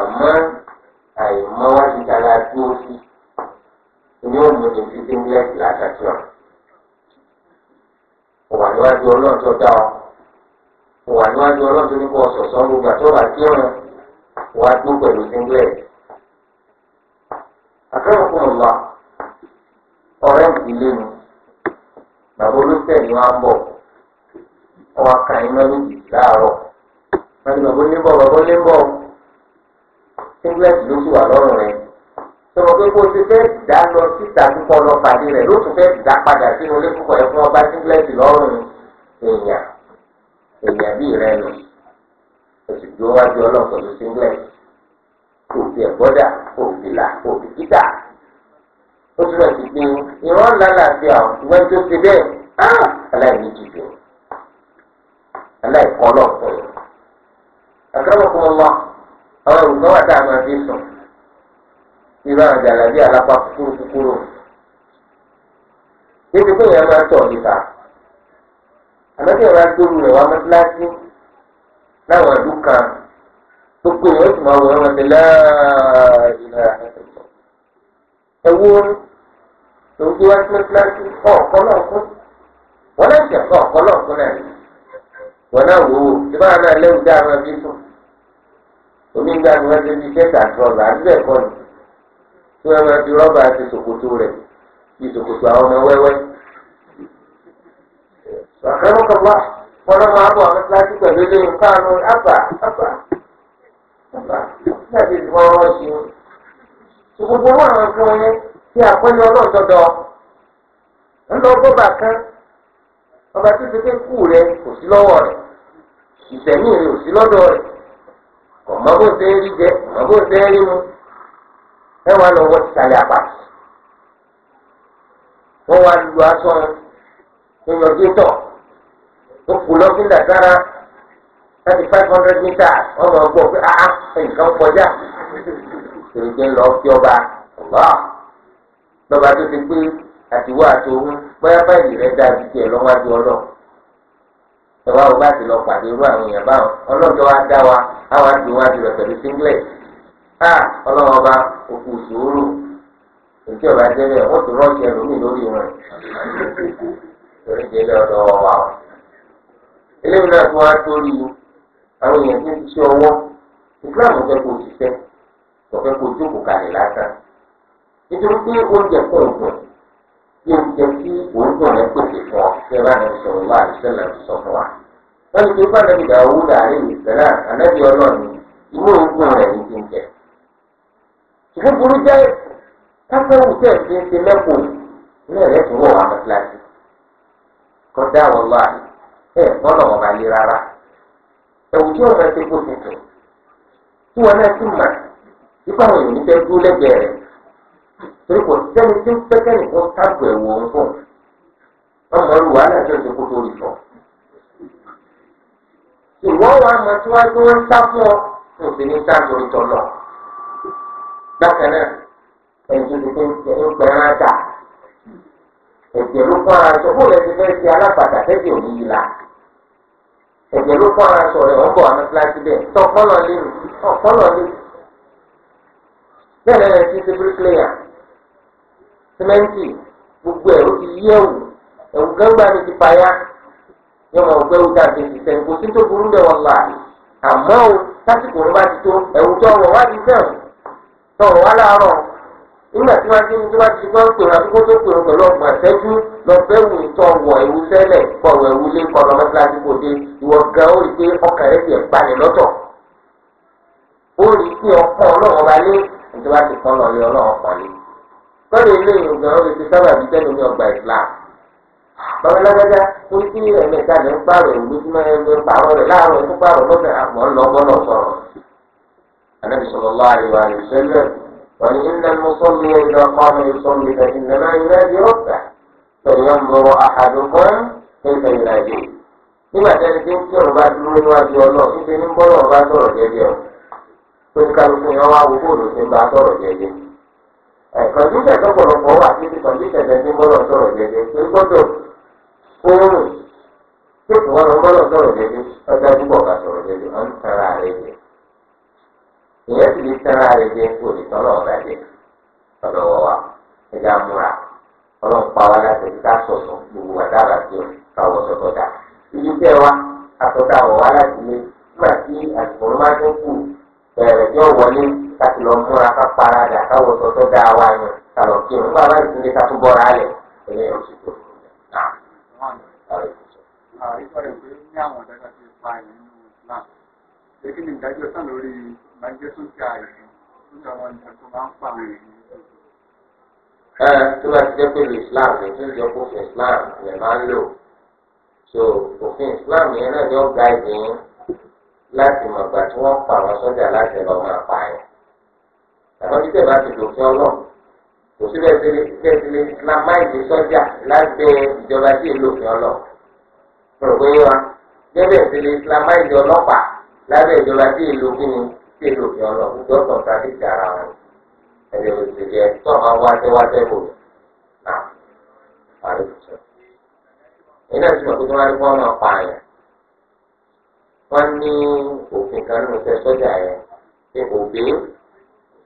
àmọ́ àìmọ́wá ti ta la sí. o ní títí singlet látàkì ọ wà níwájú Ọlọ́run dá ọ wà níwájú Ọlọ́run tó ní ọ̀sọ̀ọ̀sọ̀ gbogbo àtọ́wà kí ọ̀run wà á dún pẹ̀lú English àkàrà fún ọ̀la ọ̀rẹ́ ìdílé mi bàbá ni wọ́n á bọ̀ ọwọ́ mẹ́rin láàárọ̀ bàbá bàbá ló sì wà lọ́rùn rẹ̀. sọ̀rọ̀ pé kó o ti fẹ́ dá lọ síta dúpọ̀ lọ pàdé rẹ̀ ló tún fẹ́ dá padà sínú ilé púpọ̀ ẹ̀fún ọba síngilẹ́tì lọ́rùn èèyàn èèyàn bíi rẹ nù oṣù tó wájú ọlọ́run pẹ̀lú síngilẹ́tì kò fi ẹ̀gbọ́dà kò fi là kò fi kíkà ó túnbọ̀ sí pé ìran ńlá làbíà ìwé tó ti bẹ́ẹ̀ ah, aláìní jìbì aláìkọ́ lọ́pọ̀ àkàrà ọkùnrin wa àwọn olùkọ́ wà dáa máa fi sùn irú àwọn jàlábí alápá kúkúrú kúkúrú yéé ti pé máa tọ̀ níta àmọ́tí ìyá tóru rẹ̀ wá mọ́tíláṣí láwọn ìlú kan tó pé ìyá òsì máa wọ ẹran ti láàrínà ẹ wo ló ń gbé wá sí mọ́tíláṣí ọ̀ọ́kọ́ náà kún wọn náà jẹ̀ ọ̀ọ́kọ́ náà kún náà wọn náà wò ó ìbára náà lẹ́wù dá ẹbí sùn omi ń gbà ní wọ́n ti fi kẹ́ta ọ̀gá àti bẹ́ẹ̀ kọ́ ni. tí dị máa ti sokoto rẹ̀ bí ṣòkòtò àwọn ọmọ wẹ́wẹ́. máa bọ̀ àwọn kíláàsì pẹ̀lú eléyìí káàánú àbà àbà àbà láti ìdìbò ọ̀rọ̀ ṣe. Gbogbo wọn àwọn fún kan ọba kú rẹ kò sí lọ́wọ́ ò sí lọ́dọ̀ bó ẹ wà lọ wọ ìsàlẹ̀ àpá wọ́n wá lu aṣọ nínú gétọ̀ wọ́n kù lọ fún dàtàrà láti five hundred meters wọ́n máa gbọ́ pé ah ẹnìkan ah, kọjá èròjẹ́ lọ fi ọba ọba lọ́ba tó ti pé àtiwọ́ àtòhún bóyá báyìí rẹ̀ dá ju tiẹ̀ lọ́wọ́dún ọlọ́ ẹ wá wọ́n bá ti lọ pàdé irú àwọn èèyàn báwọn ọlọ́dọ̀ wa dá wa àwọn àti wọ́n pẹ̀lú singlet. a ah, ọlọ́wọ́ bá òkú sùúrù èké ọba jẹlẹ wọn ti rọọsì ẹlòmíì lórí wọn lórí jẹlẹ ọ̀dọ̀ wa o eléyìí náà tó wá torí àwọn èèyàn tí ń ọwọ́ ìsìláàmù fẹ́ kó ṣiṣẹ́ kó jókòó kalẹ̀ lásán nítorí pé oúnjẹ bí oúnjẹ tí rẹ̀ pèsè fún ọ bá sọ̀rọ̀ wá wọ́n ti ṣùgbọ́n jẹ́ káfíńwù tẹ̀ fi ń ṣe mẹ́kọ̀ọ́ ilé rẹ̀ tún wọ̀ wá mọ́tíláṣí kọ́dá wọlọ́ àyè ẹ̀ gbọ́nà wọn bá rárá ẹ̀wù tí wọn ti kó tuntun tí wọn náà ti mà nípa àwọn èèyàn tẹ dúró lẹ́gbẹ̀ẹ́ rẹ̀ torí kò sẹ́ni tí nìkan ọmọ bákan náà ẹ̀jẹ̀ ti ń pẹ́ ẹ́ rájà ẹ̀jẹ̀ ló kọ́ ara sọ fẹ́ ti alápàtà la ẹ̀jẹ̀ ló kọ́ ara sọ rẹ̀ wọ́n àwọn kíláàsì bẹ́ẹ̀ tọ́ kọ́lọ̀ lé mi kọ́lọ̀ lé bẹ́ẹ̀ ti ti bíríkìlẹ̀yà símẹ́ǹtì gbogbo ẹ̀ ó ti yí ẹ̀wù ẹ̀wù mi ti tọ̀rọ̀ wá láàárọ̀ nígbà tí wọ́n ti ń tíwájú tí wọ́n ń pèrò àdúgbò tó pèrò pẹ̀lú ọgbà ìṣẹ́jú lọ fẹ́ wù ìtọ̀ wọ̀ ẹ̀wù sẹ́lẹ̀ kọ̀ wọ̀ ẹ̀wù lé kọ̀ lọ́mọ síláàdì kò dé ìwọ gan ó rí pé ọkàn rẹ̀ tiẹ̀ lọ́tọ̀ ó rí pé ọlọ́run ọba lé ìjọba ti kọ́ lọ ọlọ́run ọkàn lé lọ́dọ̀ ilé ìrògàn ó sábà tẹ́lẹ̀ ọgbà النبي صلى الله عليه وآله وسلم قال المصلي إذا قام يصلي فإنما ينادي ربه فلينظر أحدكم كيف يناديه nígbà tí ẹni tí ń kí ọba dúró níwájú ọlọ́ọ̀ níṣẹ́ ní ọba sọ̀rọ̀ o pé kálukú yẹn wá wo bóòlù tí ń bá sọ̀rọ̀ jẹ́jẹ́ kọ̀ǹdíṣẹ̀ tó pọ̀lọpọ̀ wà títí kọ̀ǹdíṣẹ̀ tẹ̀ ní sọ̀rọ̀ gbọ́dọ̀ wọn lọ sọ̀rọ̀ ọjà bá sọ̀rọ̀ ìyẹn sì lè tẹ́ra rẹ̀ jẹ kó lè tọ́ lọ́wọ́ bá jẹ ọ̀dọ̀ wọ̀ wá ẹja múra ọlọ́run pa wá láti ẹ̀ka sọ̀sọ̀ gbogbo àdáàrà jẹ káwọ́ sọ̀tọ̀ dà ibi tẹ́ wa àtọ́ta wọ̀ wá láti lé nígbà tí àsìkò ló máa ń kú bẹ̀rẹ̀ yóò wọlé láti lọ múra ká para dà káwọ́ sọ̀tọ̀ dà wá yẹn kàlọ́ kí n bá bá ìsinmi ká tún bọ́ra alẹ̀ ẹ̀yẹ oṣù tó bá jẹ́ sójà ìlú sójà wọn ni ẹ̀tọ́ máa ń pa àwọn èèyàn. ẹ tó bá ti jẹ́ pé lu Islam ní tó ń jọ kófin Islam lè máa ń lò so òfin Islam yẹn náà yọ ga ìdíyìn láti mọ̀ ìgbà tí wọ́n pa àwọn sójà láti lọ máa pa yẹn. àmọ́ bí tẹ̀ bá ti lòfin ọlọ́run kò síbẹ̀ tẹ́lẹ̀ islamáìdì sọ́jà lábẹ́ ìjọba tí èlò òfin ọlọ́ pẹ̀lú pé wa gẹ́gẹ́ tẹ́lẹ̀ islamáìdì ọlọ́pàá lábẹ́ ìjọba tí èlò kíni ṣé lòdì ọlọ gbogbo ọkọ ká ti di ara wọn ẹgbẹ́ òṣèlú ẹ tó àwọn wáṣẹ wáṣẹ bò mí náà parí tuntun iná tí mo kó tó wá ní bọ́ọ̀nù ọ̀pá yẹn wọ́n ní òfin kan nínú iṣẹ́ sọ́jà yẹn pé òbí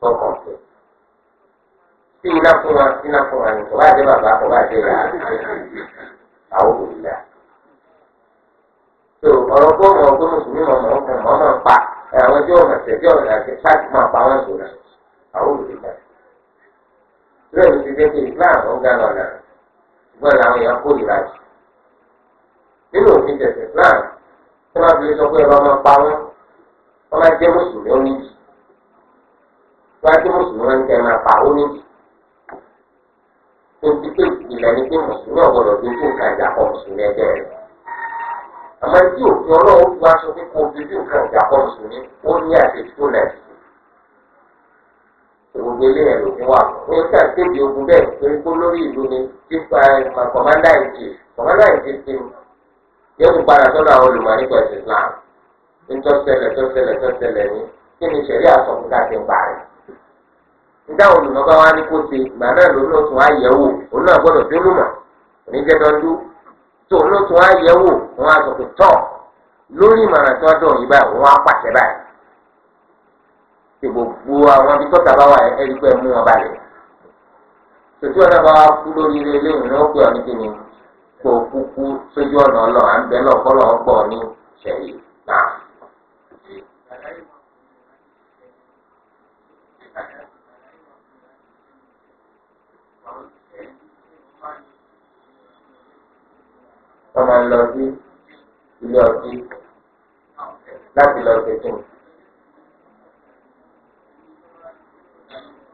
sọ́kànfẹ́ tí iná fún wa tí iná fún wa ní ọba àti bàbá ọba àti ìyá àwọn òbí dá. tó ọ̀rọ̀ bọ́ọ̀nù ọgbọ́n mùsùlùmí ọmọ ọmọ pa. àwọn tí wọn tẹ̀ tí àti ṣáàtì máa pa wọn sùn náà àwọn olùdíjà ti Islam ó ga lọ́nà ṣùgbọ́n làwọn èèyàn kó ìlà jù nínú òfin Islam tí wọn fi lè sọ pé ẹ̀rọ máa pa wọn wọn máa jẹ́ mùsùlùmí ó níbi á jẹ́ mùsùlùmí wọn ń máa pa àmọ́ tí òfin ọlọ́run fi wá sọ pé o dojú nǹkan ìjà kọ́ mùsùlùmí ó ní àṣejù tó nà ẹ̀sìn. gbogbo eléyà lòfin wà fún yóò tà kéde ogun bẹ́ẹ̀ torí kó lórí ìlú ni fífa kọ̀mọ́ndà ìjì kọ̀mọ́ndà ìjì ti yóò tún padà sọ́dọ̀ àwọn olùmọ̀ nípa ẹ̀sìn Islam ntọ́sẹ̀lẹ̀ tọ́sẹ̀lẹ̀ tọ́sẹ̀lẹ̀ ni kí ni sẹ̀rí àsọ̀kúta ti ń parí. nígbà wo lùmọ́ bá wá ní kó ṣe ìgbà náà lòun náà tún á yẹ̀ wò òun náà gbọ́dọ̀ dúró mọ̀ oníjẹ́ dọ́ndú tó ló tún á yẹ wò wọn á sọ pé tọ́ lórí ìmọ̀ràn tí wọ́n dọ̀ yìí báyìí wọ́n á pàṣẹ báyìí ṣe gbogbo àwọn ibi tọ́ta bá wà ẹ̀rí pé mú wọn balẹ̀ tòtí ọ̀nà bá wà kú lórí ilé ilé ìrìn ó pè ọ́ ní kíni kó kúkú sójú ọ̀nà ọlọ́ọ̀ à ń bẹ́ lọ́ọ̀kọ́ lọ́ọ̀ ní ṣẹ̀yìn. wọ́n máa ń lọ sí ilé ọtí láti lọ sí kí ni.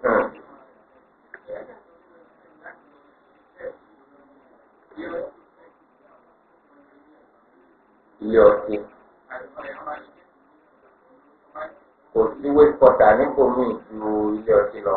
Hmm. Ilé ọtí kò sí wéṣọ̀tà nípò míì ju ilé ọtí lọ.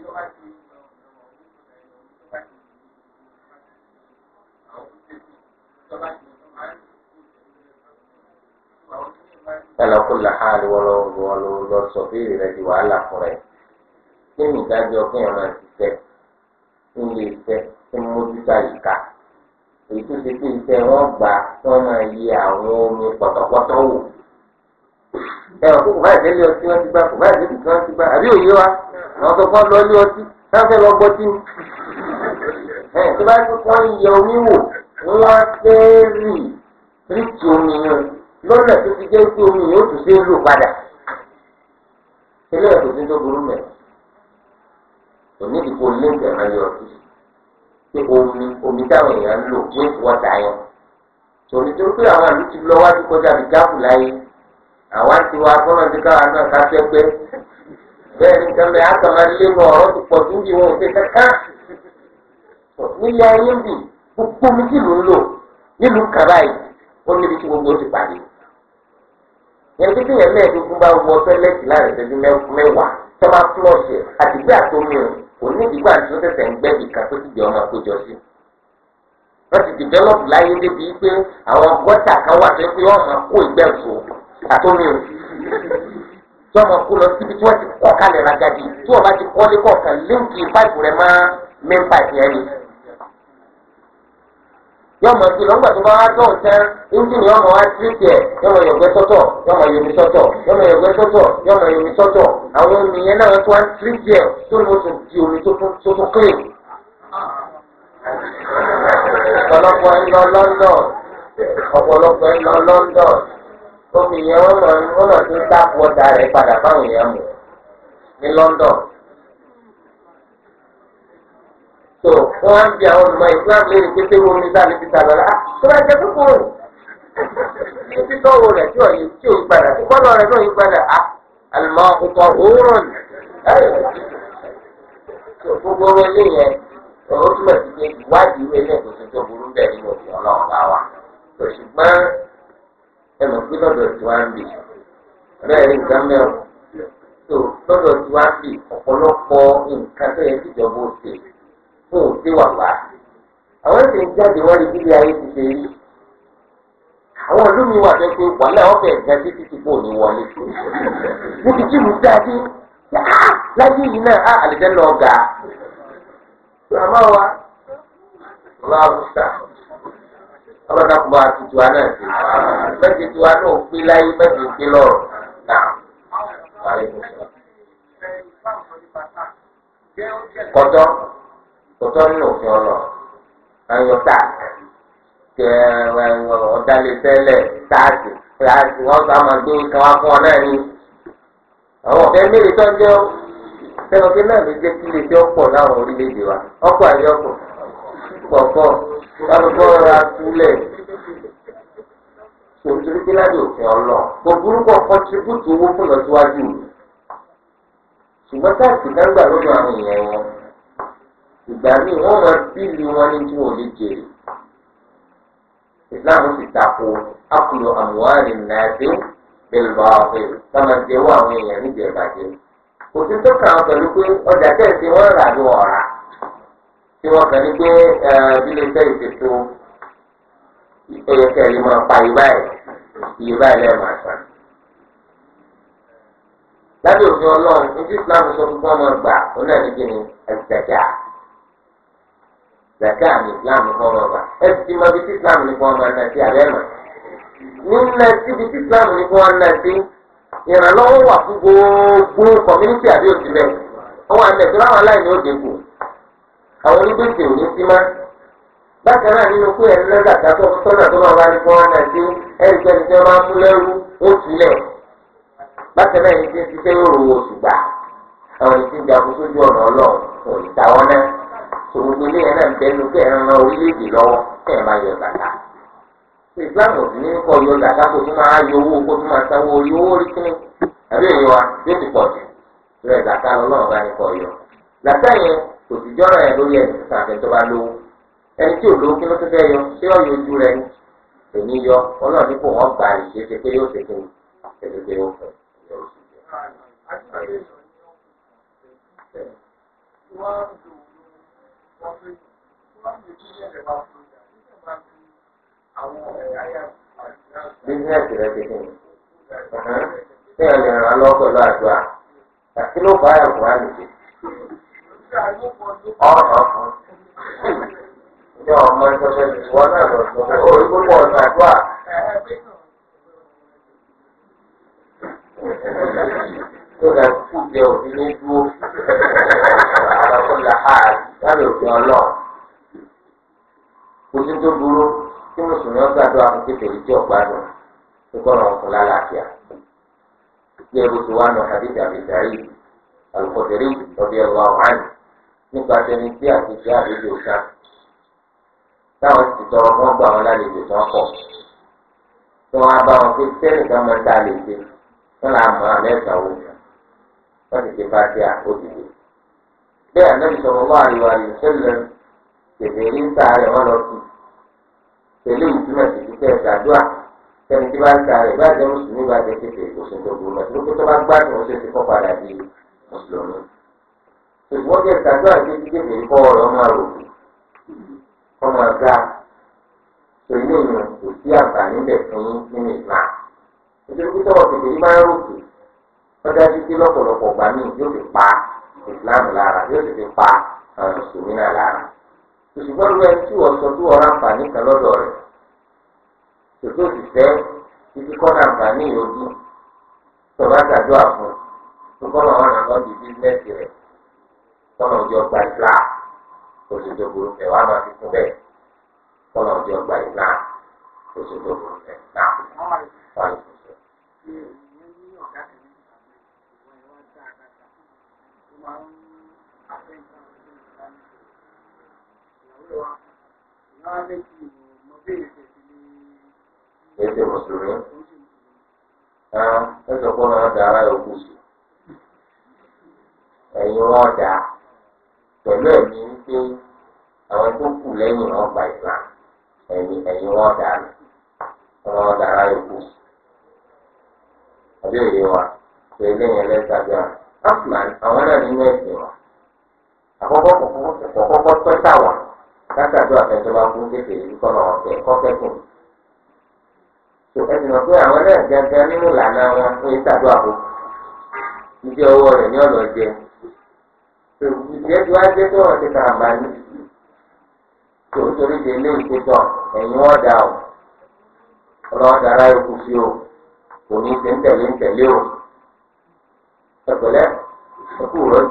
alákòlá àríwọ lọ́wọ́ lọ sọ béèrè rẹ di wàhálà fún rẹ kí ni ìdájọ́ kí ọ̀nà ìṣiṣẹ́ ń lè ṣe kí ń mójútó àyíká èyí tó ṣe pé iṣẹ́ wọn gbà kí wọ́n máa yẹ àwọn omi pọ̀tọ̀pọ̀tọ̀ wò ẹ̀wọ̀n kó kò bá ìdẹ́lẹ̀ ọtí wọn ti gbà kò bá ìdẹ́lẹ̀ ọtí wọn ti gbà àbí òye wa àwọn tó kọ́ lọ ilé ọtí sáfẹ́ lọ gbọ́ tí ẹ̀ tó bá tó kọ́ ń omi wò wọ́n fẹ́ẹ́ rì rìkì omi yẹn lọ́nà tó ti jẹ́ pé omi yóò tún ṣe é lò padà eléyà tó ti tó burú mẹ́ òní ìdìbò lẹ́ǹkì ẹ̀rọ yọ sí pé omi omi táwọn èèyàn ń lò waste water yẹn tòní tó pé àwọn àlùtí lọ wájú kọjá àbí gáàpù láyé àwa ti wá fọlọ́n ti káwa náà ká tẹ́gbẹ́ bẹ́ẹ̀ ni nǹkan bẹ́ẹ̀ àtọ̀ máa lé mọ́ ọ̀rọ̀ ti pọ̀ tó ń bí wọn ò ṣe kankan nílé ayé ń bì gbogbo omi tí ìlú ń lò nílùú kàbáyé ó níbi tí gbogbo ó ti pàdé yẹn kí tíyẹn mẹ́ẹ̀ẹ́dógún bá wọ tọ́lẹ́tì láàrin ìṣẹ́jú mẹ́wàá tó máa flọ́ọ̀ṣì àtìgbé o tí ó ń tó ti ọmọ àkójọ sí. ti develop láyé débi pé àwọn kan wà tó ọmọ kó o tí ọmọ kó lọ síbi tí ti tí bá ti kọ̀ọ̀kan yóò mọ ti lọ́gbà tó bá wá dọ̀ tán engine yóò mọ wá tírìtì ẹ̀ yóò mọ yọ̀gbẹ́ sọ́tọ̀ yóò mọ yomi sọ́tọ̀ yóò mọ yọ̀gbẹ́ sọ́tọ̀ yóò mọ yomi sọ́tọ̀ àwọn omi náà tó wá tírìtì ẹ̀ tó ní oṣù di omi tó tún clean. ọ̀pọ̀lọpọ̀ ń lọ London ọ̀pọ̀lọpọ̀ ń lọ London omi yẹn wọ́n mọ̀ tó ń dáàbò ọ̀dà rẹ̀ padà fáwọn èèyàn mọ̀ ní London. tó wọn á ń bi àwọn olùmọ̀ islam lórí pété wo ní sáà níbi sáà lọ́la ah, tó bá jẹ púpọ̀ rẹ̀ ibi tó wo rẹ̀ tí ò yí tí ò yí padà tí kọ́lọ̀ rẹ̀ náà yí padà á ni, ọ̀tọ̀ òórùn gbogbo owó ilé yẹn òun túmọ̀ sí pé ìwádìí ìwé ilé ìkòsí tó burú bẹ́ẹ̀ nínú òfin ọlọ́run bá wa tó ṣùgbọ́n ẹnu pé lọ́dọ̀ tí wàá bì bẹ́ẹ̀ ní nǹkan mẹ́rin tó lọ́dọ̀ tí wàá bì ọ̀pọ̀lọpọ̀ nǹkan tó yẹ kíjọba ó ṣe o ò sí wàwá àwọn sì ń jáde wọ́n rí bíbí ayé ti ṣe rí àwọn olómi wà fẹ́ pé wàhálà ọ̀fẹ́ ẹ̀gbẹ́ títí ti bò ní wọlé níbi tí mo dáadé láyé yìí náà á àlejẹ́ lọ ga àmọ́ wa ọba àwùjọ ọlọ́dà kúbọ̀ àtútù wa náà ti bẹ́ẹ̀ ti tu wa náà gbé láyé bẹ́ẹ̀ ti gbé lọ́rọ̀ náà wàhálà ìbùsùn. tọ́tọ́ nínú òfin ọlọ ẹ̀yọ tak tẹ ọ̀dàlẹ̀ tẹ́lẹ̀ táàtì táàtì wọ́n sá máa gbé kan wá fún ọ náà ni àwọn ọ̀fẹ́ mẹ́rin tó ń jẹ́ náà ló jẹ́ kí lè jẹ́ ọ̀pọ̀ láwọn orílẹ̀-èdè wa ọ̀pọ̀ àyè ọlọ kò burúkọ owó fún síwájú ṣùgbọ́n àwọn ìgbà míì wọ́n máa bíìlì wọn ní tí wọ́n lè jèrè islam sì tako akulu amuwaari nàdé bilbaafil kama jẹwọ àwọn èèyàn níbi ìbàjẹ́ kò sí tó kàn án pẹ̀lú pé ọjà tẹ̀sí wọn rà ní ọ̀rá tí wọ́n kàn ní pé bílẹ̀ iṣẹ́ ìṣètò ẹ̀yẹkẹ́ lè máa pa ìbá ẹ̀ ìbá lẹ́ẹ̀ máa sàn. lábẹ́ òfin ọlọ́run ní tí islam sọ fún wọn máa gbà ó náà ní kíni zaka àmì islam ní kọ́ ọba ẹ ti ti lọ bí tí islam ní kọ́ ọba ẹ̀ ti na mọ̀ islam ní kọ́ ọba ti ìrànlọ́wọ́ wà fún gbogbo community àbí òsì bẹ́ẹ̀ ọwọ́ àmì ẹ̀tọ́ láwọn àwọn bákan náà nínú zaka tó tó máa bá ní máa lẹ́rú bákan sòwòdì ilé yẹn náà ń bẹnu pé ẹran ran orílẹ̀-èdè lọ́wọ́ tẹ̀ máa yọ zàkà islam ò sì ní kọ́ yọ zàkà kó tó máa yọ owó kó tó máa sanwó orí owó orí kíni àbí èyí wa yóò ti pọ̀ jù rẹ̀ zàkà lọ́wọ́ bá ní kọ́ yọ zàkà yẹn kò sì jọ́ra yẹn lórí ẹni tó sàfẹ́ tó bá lówó ẹni tí ò lówó kí ló tó fẹ́ yọ ṣé ọ̀yọ́ ojú rẹ ni wọ́n lọ́pẹ́ tí wọ́n fi bílíọ̀n rẹ̀ wá fún ìyá nígbà máa fi àwọn ẹ̀yà bísíǹsì rẹ̀ ti kún ní ọ̀lẹ́ ìran lọ́wọ́ pẹ̀lú àdúrà àti ló bá ẹ̀kọ́ á nìyí. ní ọmọ lábẹ́ òfin ọlọ́ọ̀ kò sí tó burú kí mùsùlùmí ọgbà tó àwọn kékeré tí ọgbà nù tó kọ́nà ọkùnrin lálàáfíà yẹ kó tó wà nù hadith abidjan alukọ̀tẹ̀rì ọ̀bí ọ̀gá ọ̀hán nípa tẹni tí àtúnṣe àlejò kan táwọn ti tọrọ wọn gbà wọn lálejò tó ń pọ̀ tí wọn bá wọn pé sẹ́nìkan máa ń dá àlejò wọn là mọ́ àmẹ́ta wò wọ́n ti ṣe bá dé bẹ́ẹ̀ ànábì sallallahu alaihi wa sallam tètè rí ń ta rẹ̀ wọ́n lọ sí tẹ̀lé ìtumọ̀ tètè tẹ̀ ṣàdúrà tẹ̀lé tí bá ń ta rẹ̀ báyìí mùsùlùmí bá jẹ́ tètè oṣù tó burú mọ̀ tó tó bá gbádùn oṣù tí kọ́ padà di mùsùlùmí. ṣùgbọ́n kí ṣàdúrà tí ti tètè kọ́ ọ̀rọ̀ máa rò kọ́ máa ga tẹ̀lé ìyẹn kò sí àǹfààní bẹ̀ fún islam lára yóò sì fi pa àwọn uh, mùsùlùmí náà lára òṣùgbọ́n lóye tí wọ́n sọ tí wọ́n ráǹfààní kan lọ́dọ̀ rẹ̀ tòtò sì fẹ́ títí kọ́ ráǹfààní yòókù tó bá ṣàdúrà fún tó kọ́ lọ́wọ́ náà lọ́ di bísíǹnẹ́sì rẹ̀ kọ́nà òjò ọgbà ìlà òṣèjọ burú fẹ́ máa fi kún bẹ́ẹ̀ kọ́nà òjò ọgbà ìlà òṣèjọ burú náà wàá yẹ kó Èdè Mùsùlùmí. Ẹ sọ pé wọ́n da ara yòókù sí. Ẹ̀yin wọ́n dà pẹ̀lú ẹ̀mí wípé àwọn tó kù lẹ́yìn wọn gba ìgbà ẹ̀mí ẹ̀yin wọ́n dà rẹ̀. Wọ́n da ara yòókù sí. Àbí òye wa, pé lẹ́yìn ẹlẹ́sàgbà. afman àwọn náà nínú ẹ̀sìn wa àkọ́kọ́ kpọkpọ kọ́kọ́ tọ́ta wa látàdó àfẹsọ́ba fún kékeré yìí kọ́ lọ́wọ́ fẹ́ tó ẹsìn àwọn nínú wọn fún ìtàdó àbò ìdí ní jẹ tó ìdí ajé tó ní. tó nítorí ilé ara o kò ní ń tẹ̀lé o. sebelah sepuluh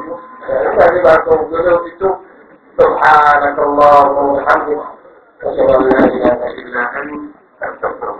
jadi dari batu itu subhanakallah alhamdulillah kesempatan yang